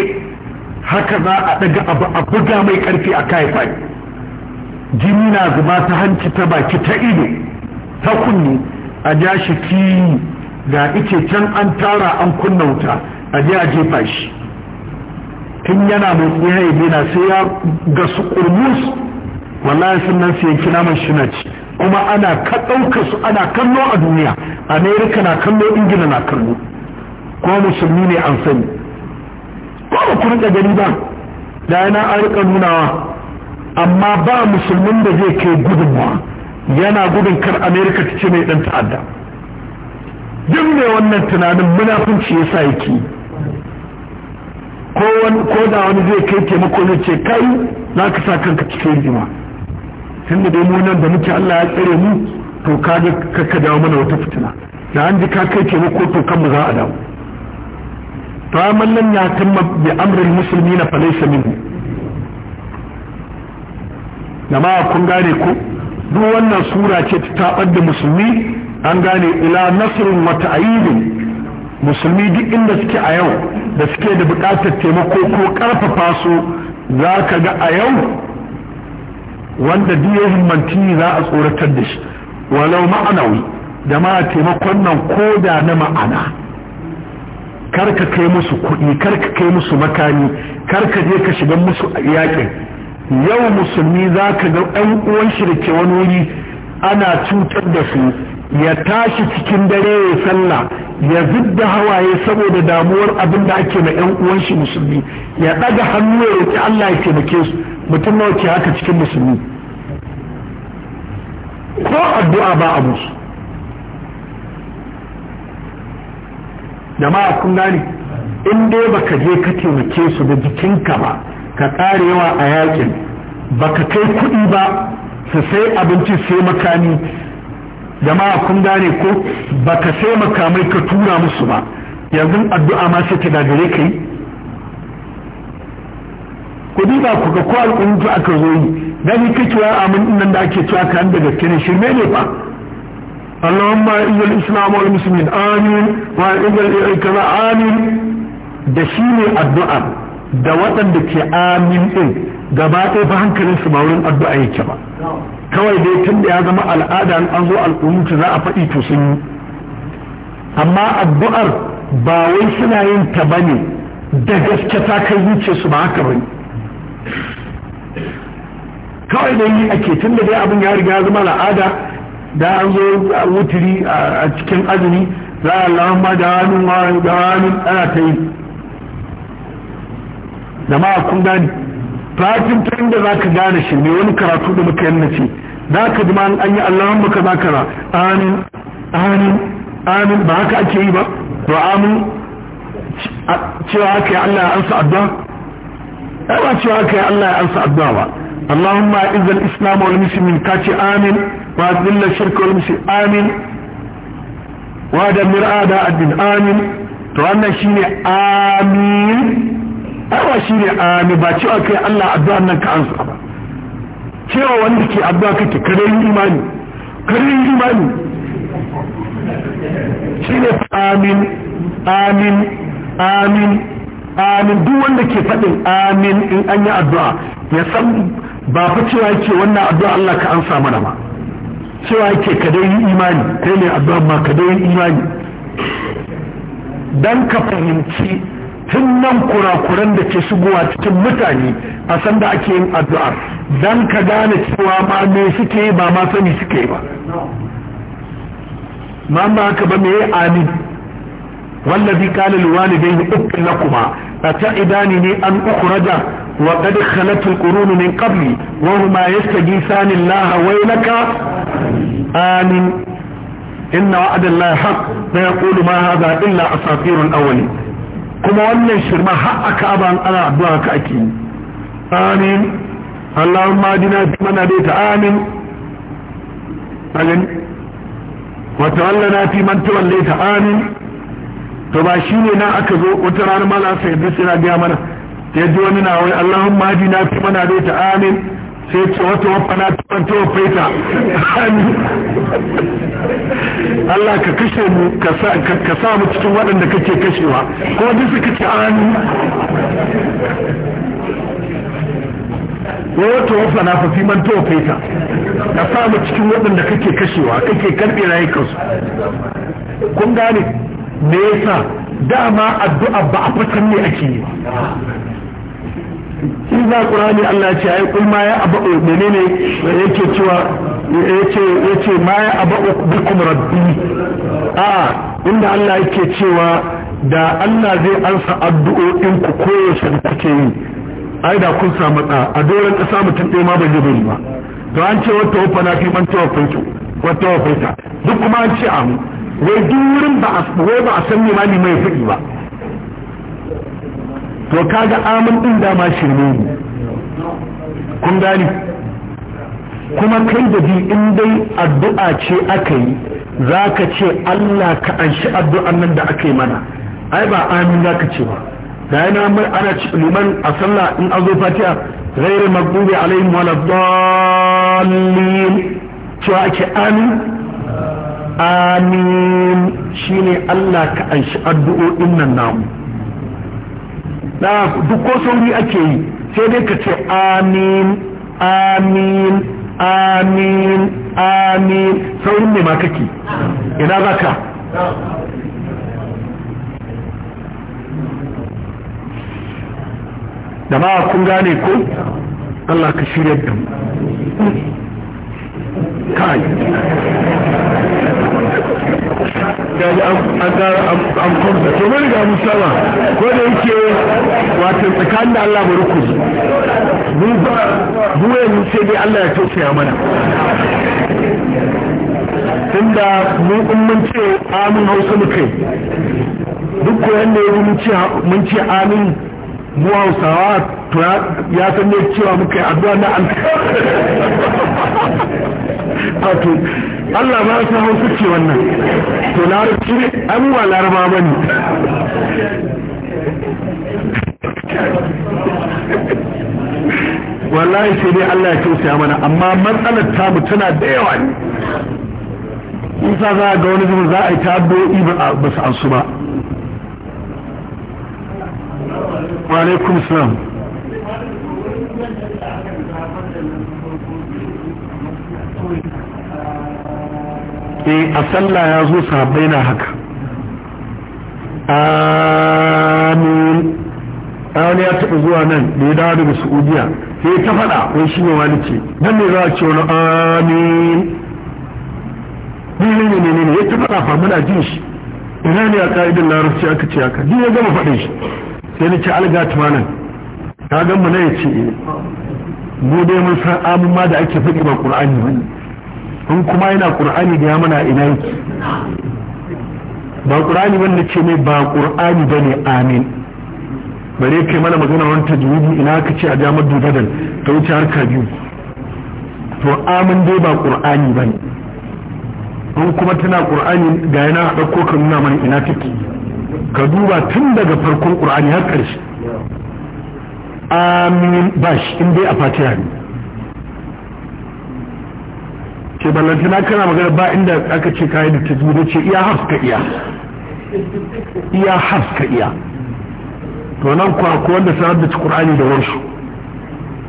haka za a daga abu a buga mai karfi a kai fai jini na zuba ta hanci ta baki ta ido ta kunni a ja shi ki ga ice can an tara an kunna wuta a je a jefa shi tun yana mai tsaye yana sai ya su kurmus wallahi sun nan sai yanki naman shi na ci kuma ana ka ɗaukar su ana kallo a duniya amerika na kallo ingila na kallo ko musulmi ne an sani ko ba ku rika ba da yana an rika nunawa amma ba musulmin da zai kai gudunmawa yana gudun kar amerika ta ce mai ɗan ta'adda duk mai wannan tunanin munafunci ya sa yake ko da wani zai kai taimako zai ce kai za ka sa kanka cikin rigima tun da dai mu nan da muke Allah ya tsare mu to kaga kakka dawo mana wata fitina da an ji ka kai taimako to kan mu za a dawo to amma ya tamma bi amrul muslimina fa laysa minhu jama'a kun gane ko duk wannan sura ce ta tabar da musulmi an gane ila nasrun wa ta'yidin musulmi duk inda suke a yau da suke da bukatar taimako ko karfafa su za ka ga a yau wanda duk ya himmanci za a tsoratar da shi walau ma'anawi a taimakon nan ko da na ma'ana karka kai musu kuɗi karka kai musu makami karka je ka shiga musu yaƙin yau musulmi za ka ga ɗan uwan shi da ke wani wuri ana cutar da su ya tashi cikin dare ya sallah ya zidda hawaye saboda damuwar abin da ake ma yan uwan shi musulmi ya ɗaga hannu ya roki Allah ya taimake su mutum nawa ke haka cikin musulmi ko addu'a ba a musu jama'a kun gane in dai baka je ka taimake su da jikinka ba ka karewa a yakin baka kai kuɗi ba su sai abinci sai makami jama'a kun ne ko ba ka sai makamai ka tura musu ba yanzu addu'a ma sai ta gagare ka yi ku duba ku ga ko al'umma aka zo yi dan kake wa amin nan da ake cewa kan da gaske ne shirme ne fa islam wal muslimin amin wa واعز كذا amin. da shi ne addu'a da waɗanda ke amin ɗin gaba ɗaya ba hankalin su ba wurin addu'a yake ba kawai dai tun da ya zama al'ada an zo al'ummatu za a faɗi to sun yi amma addu'ar ba wai suna yin ta bane da gaske ta kai zuce su ba haka bane kawai dai yi ake tun da dai abin ya riga ya zama al'ada da an zo a wuturi a cikin azumi za a lamma da hannun da hannun ana ta yi kun gani fatin ta inda za ka gane shi ne wani karatu da muka yanna ce za ka ji ma an yi allahun maka za ka amin amin amin ba haka ake yi ba ba amin cewa haka ya allah ya ansa addu'a ai ba cewa haka ya allah ya ansa addu'a ba Allahumma izal اللهم اعز الاسلام والمسلمين كاتي امين واذل الشرك والمسلمين امين وهذا مرآة الدين amin, to wannan shine amin awa shi ne ne ah, ba cewa kai Allah addu'a nan ka ansa ba cewa wanda ke addu'a kake karin imani karin imani shi ne amin amin amin amin duk wanda ke faɗin amin in an yi addu'a ya san ba fa cewa yake wannan addu'a Allah ka ansa mana ba cewa yake ka yi imani kai ne addu'a ma ka yi imani dan ka fahimci tun nan kurakuran da ke shigowa cikin mutane a sanda ake yin addu'ar don ka gane cewa ma me suke ba ma sani suke ba ma ba haka ba me amin wallazi qala liwalidayhi ukkin lakuma ata'idani ne an ukhraja wa qad khalat alqurun min qabli wa huma yastaghithani allaha waylaka amin inna wa'da allahi haqq fa yaqulu ma hadha illa asatirul awwalin kuma wannan shirma har aka an ana addu'a haka ake yi amin Allahumma adina fi man ta amin amin wa tawallana fi man tawallaita amin to ba shi ne na aka zo wata rana mala sai da na ga mana yaji wani na wai Allahumma adina fi man ta amin sai ce wata wafana tuban tawafaita Allah ka kashe mu ka sa mu cikin waɗanda kake kashewa ko duk suka ce an wata wafana fa fi man tawafaita ka sa mu cikin waɗanda kake kashewa kake karɓe rayukansu kun gane me yasa dama addu'a ba a fatan ne ake yi ba can za qur'ani Allah ce ai kul ma ya abu menene yake cewa yace yace ma ya abu bikum rabbi a inda Allah yake cewa da Allah zai ansa addu'o'in ku koyaushe da kake yi ai da kun samu da a doren kasa mutum ɗaya ma bai je bai ba to an ce wata wafa na fi manta wa fanki wata wafa duk kuma an ce amu wai duk wurin ba a san ne ma ni mai fiɗi ba to kaga amin din dama shirme ne kun gani kuma kai da bi in dai addu'a ce aka yi za ka ce Allah ka anshi addu'an nan da aka yi mana ai ba amin za ka ce ba da yana mai ana liman a sallah in an zo fatiha ghairu maghdubi alaihim wala cewa ake amin amin shine Allah ka anshi addu'o'in nan namu na duk ko sauri ake yi sai dai ka ce amin amin amin amin saurin ne ma kake ina za ka da ma kun gane ko Allah ka shirya da mu kai ya ji an tsara an kwamta to mun riga mun saba ko da yake wato tsakanin da Allah bari ku mu ba mu mun sai dai Allah ya ya mana tunda mu in mun ce amin hausa muke duk koyan da ya mun ce amin mu hausawa to ya san ne cewa muka yi addu'a na alkhairi wato Allah ba su hausa ce wannan to larabci ne abubuwa laraba ba ne wallahi sai dai Allah ya tausaya mana amma matsalar tamu tana da yawa ne Musa za ga wani zuwa za a yi tabbo'i ba su ansu ba. Wa alaikum salam. eh a sallah ya zo sabai na haka amin wani ya taɓa zuwa nan da ya dawo daga saudiya sai ta faɗa wani shi ne wani ce nan ne za a ce wani amin ne ne ne ne ya ta faɗa fa muna jin shi ina ne a ka'idin larabci aka ce haka duk ya gama faɗin shi sai na ce alga nan. ta gama na ya ce eh. mu dai mun san amin ma da ake faɗi ba ƙur'ani ba ne in kuma yana qur'ani da ya mana ina yake ba qur'ani wanda ce mai ba qur'ani bane amin bare kai mana magana wani tajwidi ina ka ce a damar dubadan ta wuce harka biyu to amin dai ba qur'ani bane in kuma tana ƙur'ani ga yana dauko ka nuna mana ina take ka duba tun daga farkon qur'ani har karshe amin bash in dai a fatiha ne ce ballantana kana magana ba inda aka ce kayan da ta da ce iya har suka iya iya har suka iya to nan kuwa ko wanda sanar da kur'ani da warsu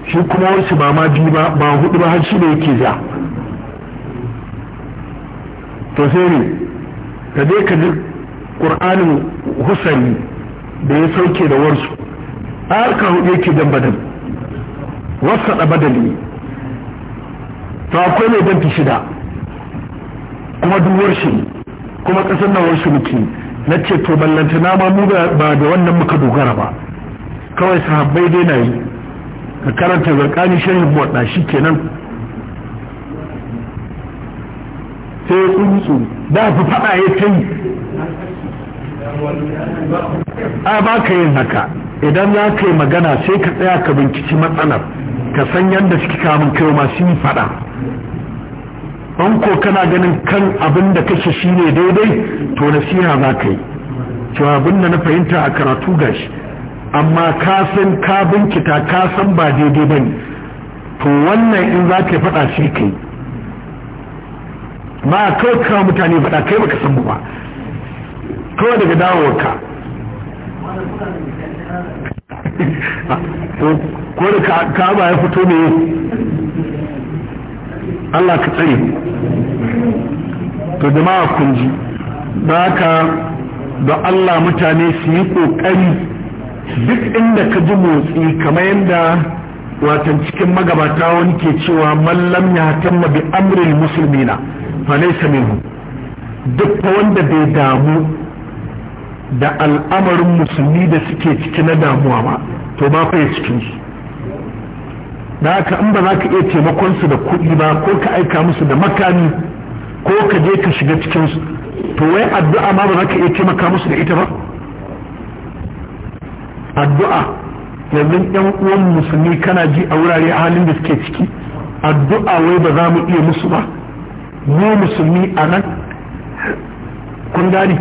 shi kuma wansu ba ma biyu ba ba hudu ba har shi da yake ja to sai ne ka je ka ji qur'anin husari da ya sauke da warsu a ka hudu yake dan badal wasa da badali to akwai mai danta shida kuma duwar shi kuma ƙasar nawar shi muke na ce to ballanta na ma mu ba da wannan muka dogara ba kawai sahabbai dai na yi ka karanta zarkani yin muwaɗa shi kenan sai ya tsuntsu da fi faɗa ya ta a ba ka yin haka idan za ka yi magana sai ka tsaya ka binciki matsalar ka san yadda suke kamun kai masu yi faɗa an ko kana ganin kan abin da kake ne daidai to nasiha za ka yi cewa abin da na fahimta a karatu gashi amma ka san ka binkita ka san ba daidai ba ne to wannan in za ka faɗa shi kai ba kawai kawai mutane faɗa kai baka san ba kawai daga dawowarka *laughs* ko da ka ba ya fito ne Allah ka tsaye to jama'a kun ji ba haka da Allah mutane su yi kokari duk inda ka ji motsi kamar yadda watan cikin magabata wani ke cewa mallam ya tamma bi musulmi musulmina fa laysa minhu duk wanda bai damu da al'amarin musulmi da suke ciki na damuwa ba to ba fa cikin su da haka in ba za ka iya taimakonsu da kuɗi ba ko ka aika musu da makami ko ka je ka shiga cikinsu to wai addu'a ma ba za ka iya taimaka musu da ita ba addu'a yanzu yan uwan musulmi kana ji a wurare a halin da suke ciki addu'a wai ba za mu iya musu ba mu musulmi a nan kun gane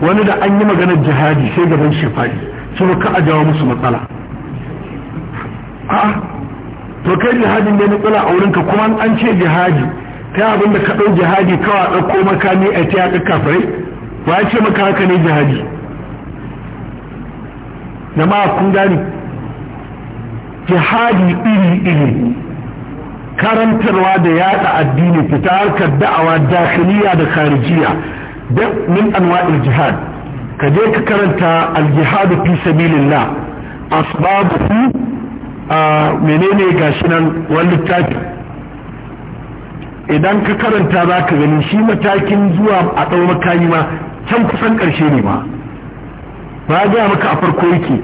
wani da an yi maganar jihadi sai gaban shefari sun ka a jawo musu matsala a'a to kai jihadin ne matsala a wurinka kuma an ce jihadi ta yi abinda ka ɗau jihadi kawai a ɗauko makami a ta yaƙi kafirai ba ya ce maka haka ne jihadi ma kun gani jihadi iri-iri karantarwa da yaɗa addini fita harkar da'awa dakhiliya da kharijiya da min anwa'il jihad ka je ka karanta al jihad fi sabilillah asbabuhu a menene gashi nan wani littafi idan ka karanta za ka gani shi matakin zuwa a ɗau makami ma can kusan ƙarshe ne ma ba gaya maka a farko yake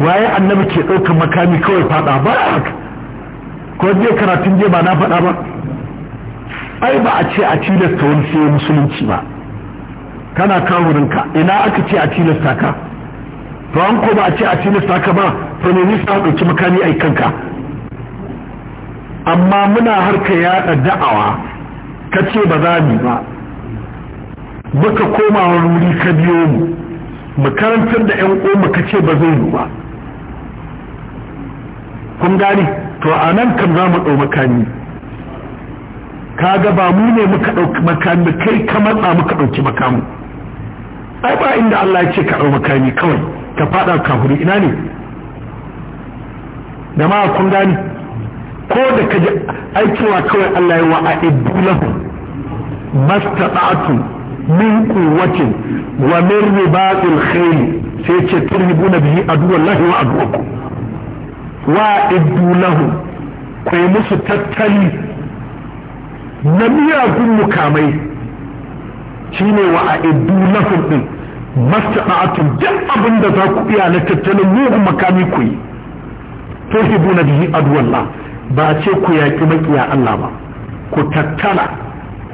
waye annabi ke ɗaukar makami kawai faɗa ba ko je karatun je ba na faɗa ba ai ba a ce a tilasta wani sai musulunci ba kana kawo ka. ina aka ce a tilasta ka to an ko ba a ce a tilasta ka ba to ne nisa a ɗauki makami a kanka amma muna harka yaɗa da'awa ka ce ba za mu ba muka koma wuri ka biyo mu mu karantar da yan uwanmu ka ce ba zai mu ba kun gane to a nan kan za mu ɗau makami kaga ba mu ne muka ɗauki makami kai ka matsa muka ɗauki makamu ai ba inda Allah ya ce ka ɗau makami kawai ka fada kafuri ina ne da ma kun gani ko da ka ji aikewa kawai Allah ya wa a ibulahu mastata'tu min quwwatin wa min ribatil khayl sai ce turhibuna bihi adullahi wa aduwakum wa ibulahu kai musu tattali na miyagun mukamai shine wa a ibulahu mastata'atun duk abin da za ku iya na tattalin mugun makami ku yi buna bihi adwallah ba ce ku yaki makiya Allah ba ku tattala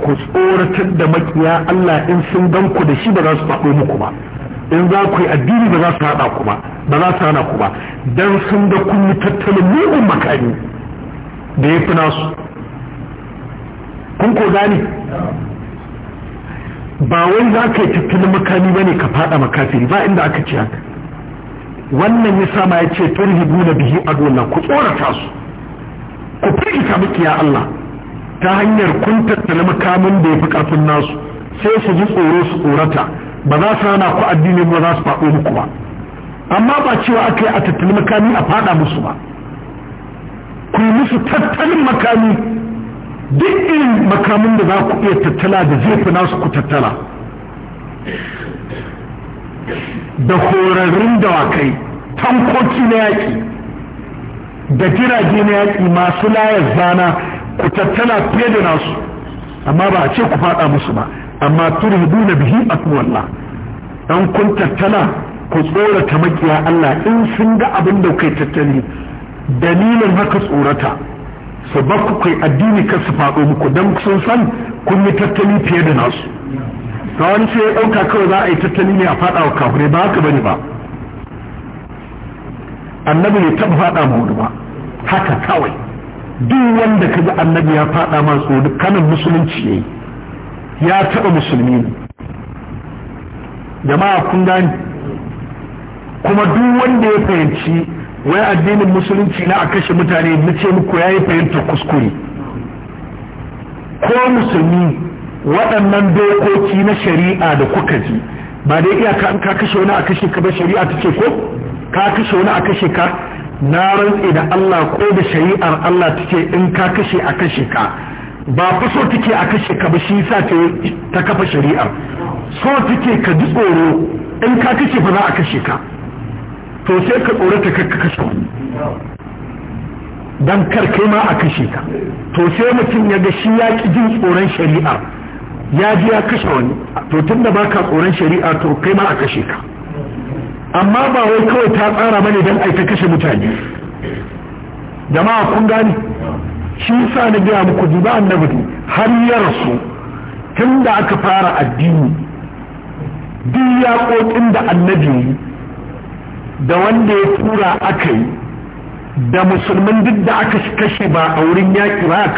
ku tsoratar da makiya Allah in sun gan ku da shi ba za su faɗo muku ba in za ku yi addini ba za su haɗa ku ba ba za su hana ku ba dan sun da kun yi tattalin mugun makami da ya fi nasu kun ko gane ba wai za ka yi tattalin makami ba ne ka fada makafiri ba inda aka ce haka wannan ya sama ya ce turhibu na bihi dola ku tsorata su ku firgita ya Allah ta hanyar kun tattala makamin da ya fi karfin nasu sai su ji tsoro su tsorata ba za su hana ku addini ba za su faɗo muku ba amma ba cewa aka yi a tattalin makami a fada musu ba ku yi musu tattalin makami duk irin makamin da za ku iya tattala da jefa nasu ku tattala da horarrun dawakai tankoki na yaƙi da jirage na yaƙi masu layar zana ku tattala fiye da nasu amma ba a ce ku faɗa musu ba amma turhibu na bihi akwalla dan kun tattala ku tsorata makiya Allah in sun ga abin da kai tattali dalilin haka tsorata su ba ku kai addini kar su faɗo muku don sun san kun yi tattali fiye da nasu ga wani sai ya ɗauka kawai za a yi tattali ne a faɗa wa kafirai ba haka bane ba annabi ne taɓa faɗa ma wani ba haka kawai duk wanda ka ga annabi ya faɗa ma tsoro kanin musulunci ya yi ya taɓa musulmi ne jama'a kun gani kuma duk wanda ya fahimci wai addinin musulunci na a kashe mutane na ce muku ya yi fahimtar kuskure ko musulmi waɗannan dokoki na shari'a da kuka ji ba dai iyaka in ka kashe wani a kashe ka ba shari'a ta ce ko ka kashe wani a kashe ka na rantse da Allah ko da shari'ar Allah ta ce in ka kashe a kashe ka ba fa so take a kashe ka ba shi sa ta kafa shari'ar so take ka ji tsoro in ka kashe fa za a kashe ka to sai ka tsorata kakka kashe wani don kar ma a kashe ka to sai mutum ya ga shi ya ki jin tsoron shari'a ya ji ya kashe wani to tun da baka tsoron shari'a to kai ma a kashe ka amma ba wai kawai ta tsara bane don ai ta kashe mutane jama'a kun gane. shi sa na gaya muku duba annabi har ya rasu tun da aka fara addini duk yaƙoƙin da annabi da wanda ya tura aka yi da musulmin duk da aka kashe ba a wurin yaƙi ba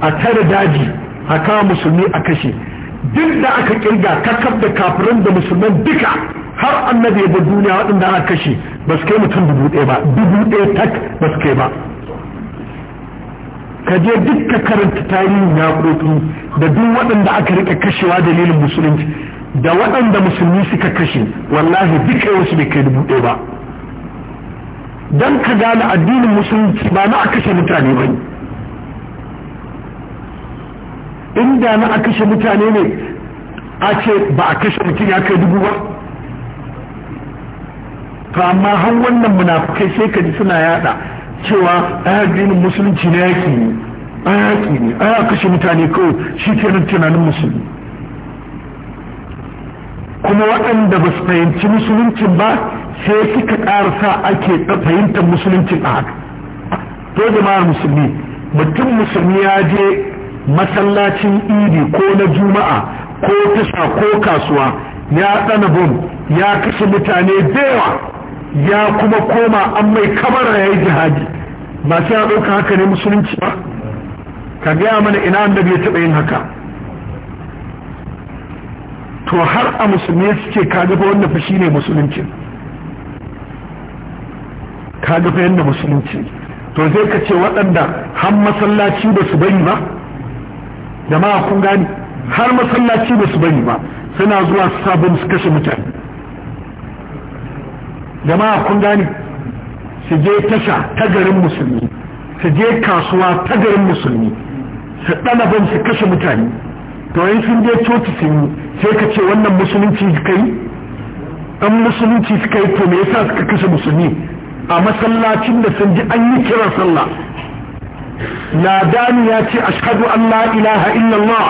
a tare daji a kawo musulmi a kashe duk da aka kirga kakab da kafirin da musulman duka har annabi da duniya waɗanda aka kashe ba su kai mutum dubu ɗaya ba dubu ɗaya tak ba su kai ba ka je duk ka karanta tarihin yaƙoƙi da duk waɗanda aka rika kashewa dalilin musulunci da waɗanda musulmi suka kashe wallahi duka wasu bai kai dubu ɗaya ba don ka gane addinin musulunci ba na a kashe mutane ba inda na a kashe mutane ne a ce ba a kashe mutum ya kai dubu ba to amma har wannan munafukai sai ka ji suna yada cewa addinin musulunci na yaki ne a yaki ne a kashe mutane kawai shi kenan tunanin musulmi kuma waɗanda ba su fahimci musuluncin ba sai suka ƙarasa ake fahimtar musuluncin a haka to jama'ar musulmi mutum musulmi ya je masallacin idi ko na juma'a ko tasha ko kasuwa ya tsana bom ya kashe mutane da ya kuma koma an mai kamara ya yi jihadi ba sai ya ɗauka haka ne musulunci ba ka gaya mana ina annabi ya taɓa yin haka to har a musulmi suke kaga fa wannan fa shine musulunci kaga fa yanda musulunci to zai ka ce waɗanda har masallaci ba su bari ba jama'a kun gani har masallaci ba su bari ba suna zuwa sabon su kashe mutane jama'a kun gani su je tasha ta garin musulmi su je kasuwa ta garin musulmi su ɗana ban su kashe mutane to sun je coci sun yi sai ka ce wannan musulunci suka yi an musulunci suka yi to me yasa suka kashe musulmi a masallacin da sun ji an yi kiran sallah ladani ya ce ashhadu an la ilaha illallah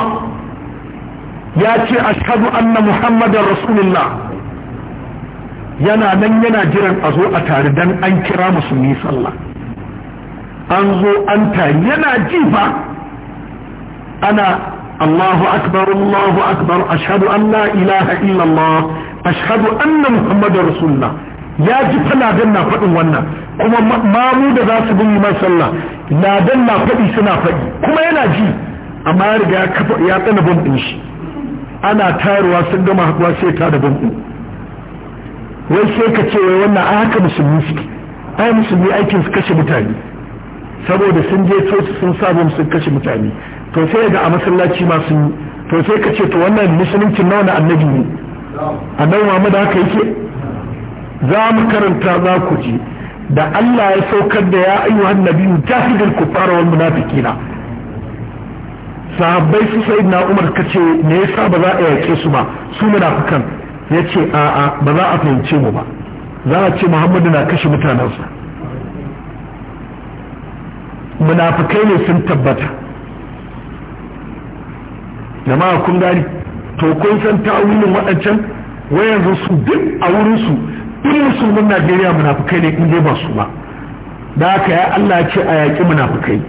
ya ce ashhadu anna muhammadan rasulullah yana nan yana jiran a zo a tare dan an kira musulmi sallah an zo an tari yana jifa ana الله أكبر الله أكبر أشهد أن لا إله إلا الله أشهد أن ya ji faladan na faɗin wannan kuma mamu da za su bin liman sallah ladan na faɗi suna faɗi kuma yana ji amma ya riga ya tsana bom ɗin shi ana tayarwa sun gama haɗuwa sai da bom ɗin wai sai ka ce wai wannan a haka musulmi suke ai musulmi aikin su kashe mutane saboda sun je coci sun sa bom sun kashe mutane to sai ga a masallaci masu yi to sai ka ce to wannan musulunci na wani annabi ne annabi Muhammad haka yake za mu karanta za ku ji da Allah ya saukar da ya ayyuhan annabi jahidul kufara wal munafiqina sahabbai su sai na umar ka me yasa ba za a yake su ba su munafikan ya ce a'a ba za a fahimce mu ba za a ce muhammadu na kashe mutanansa. munafikai ne sun tabbata jama'a kun gani to kun san tawilin waɗancan wayanzu su duk a wurinsu duk musulmin najeriya munafikai ne in dai ba su ba da haka ya allah ce a yaƙi munafukai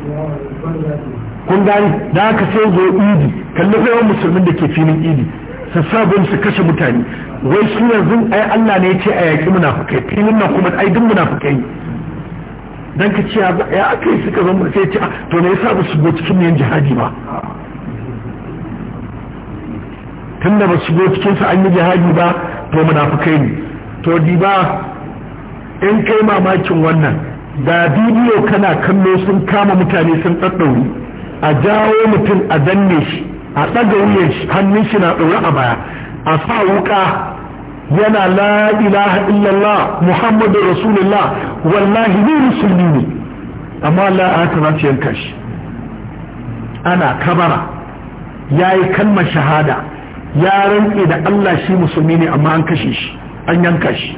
kun gani da haka sai zo idi kalli yawan musulmin da ke filin idi su sabon su kashe mutane wai su yanzu ai allah ne ya ce a yaƙi munafukai filin nan kuma ai duk munafikai dan ka ce ya aka yi suka zama sai ce ah, to ne yasa ba su go cikin yan jihadi ba tun da ba su shigo cikinsu an yi jihadi ba to munafukai ne to di ba in kai mamakin wannan ga bidiyo kana kallo sun kama mutane sun ɗaɗɗauri a jawo mutum a danne shi a tsaga wuyan shi hannun shi na ɗaure a baya a sa wuƙa yana la ilaha illallah muhammadu rasulullah wallahi ni musulmi ne amma Allah aka za su yanka shi ana kabara ya yi kalmar shahada ya rantse da Allah shi musulmi ne amma an kashe shi an yanka shi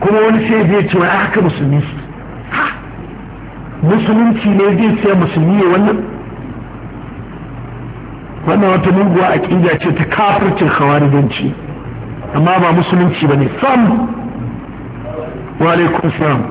kuma wani sai zai ce wai haka musulmi su Ha! musulunci ne zai ce musulmi ne wannan wannan wata muguwa a ƙinja ce ta kafircin hawarijanci amma ba musulunci ba ne sam wa alaikum salam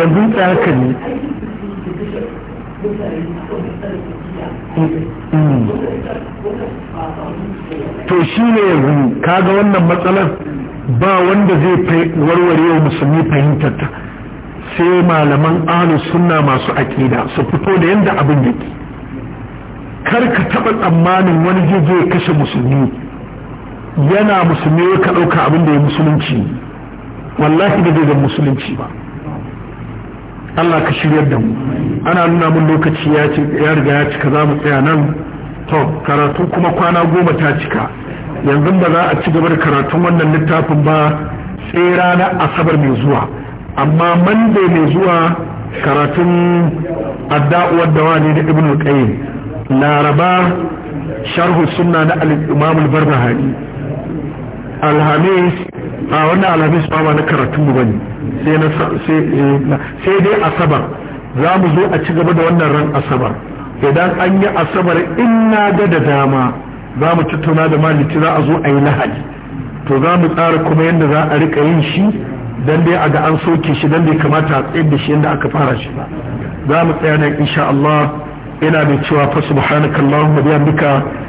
yanzu ta haka ne to shi ne yanzu kaga wannan matsalar ba wanda zai warware wa musulmi fahimtar ta sai malaman ahlu sunna masu aƙida su fito da yadda abin yake kar ka taɓa tsammanin wani zai ya kashe musulmi yana musulmi ka ɗauka abin da ya musulunci wallahi da zai musulunci ba Allah ka shiryar da mu ana nuna mun lokaci ya riga ya cika za mu tsaya nan to karatu kuma kwana goma ta cika yanzu ba za a ci gaba da karatun wannan littafin ba sai ranar asabar mai zuwa amma mande mai zuwa karatun adda'uwar da wani da ibn al-qayyim laraba sharhu sunna na al-imam al-barbahari alhamis a wannan alhamis ba ma na karatu ba ne sai dai asabar za mu zo a ci gaba da wannan ran asabar idan an yi asabar inna da da dama za mu tattauna da maliki za a zo a yi lahadi to za mu tsara kuma yadda za a rika yin shi dan dai a ga an soke shi dan dai kamata a tsayar da shi yadda aka fara shi ba za mu tsaya nan insha Allah ina mai cewa fa subhanakallahumma bihamdika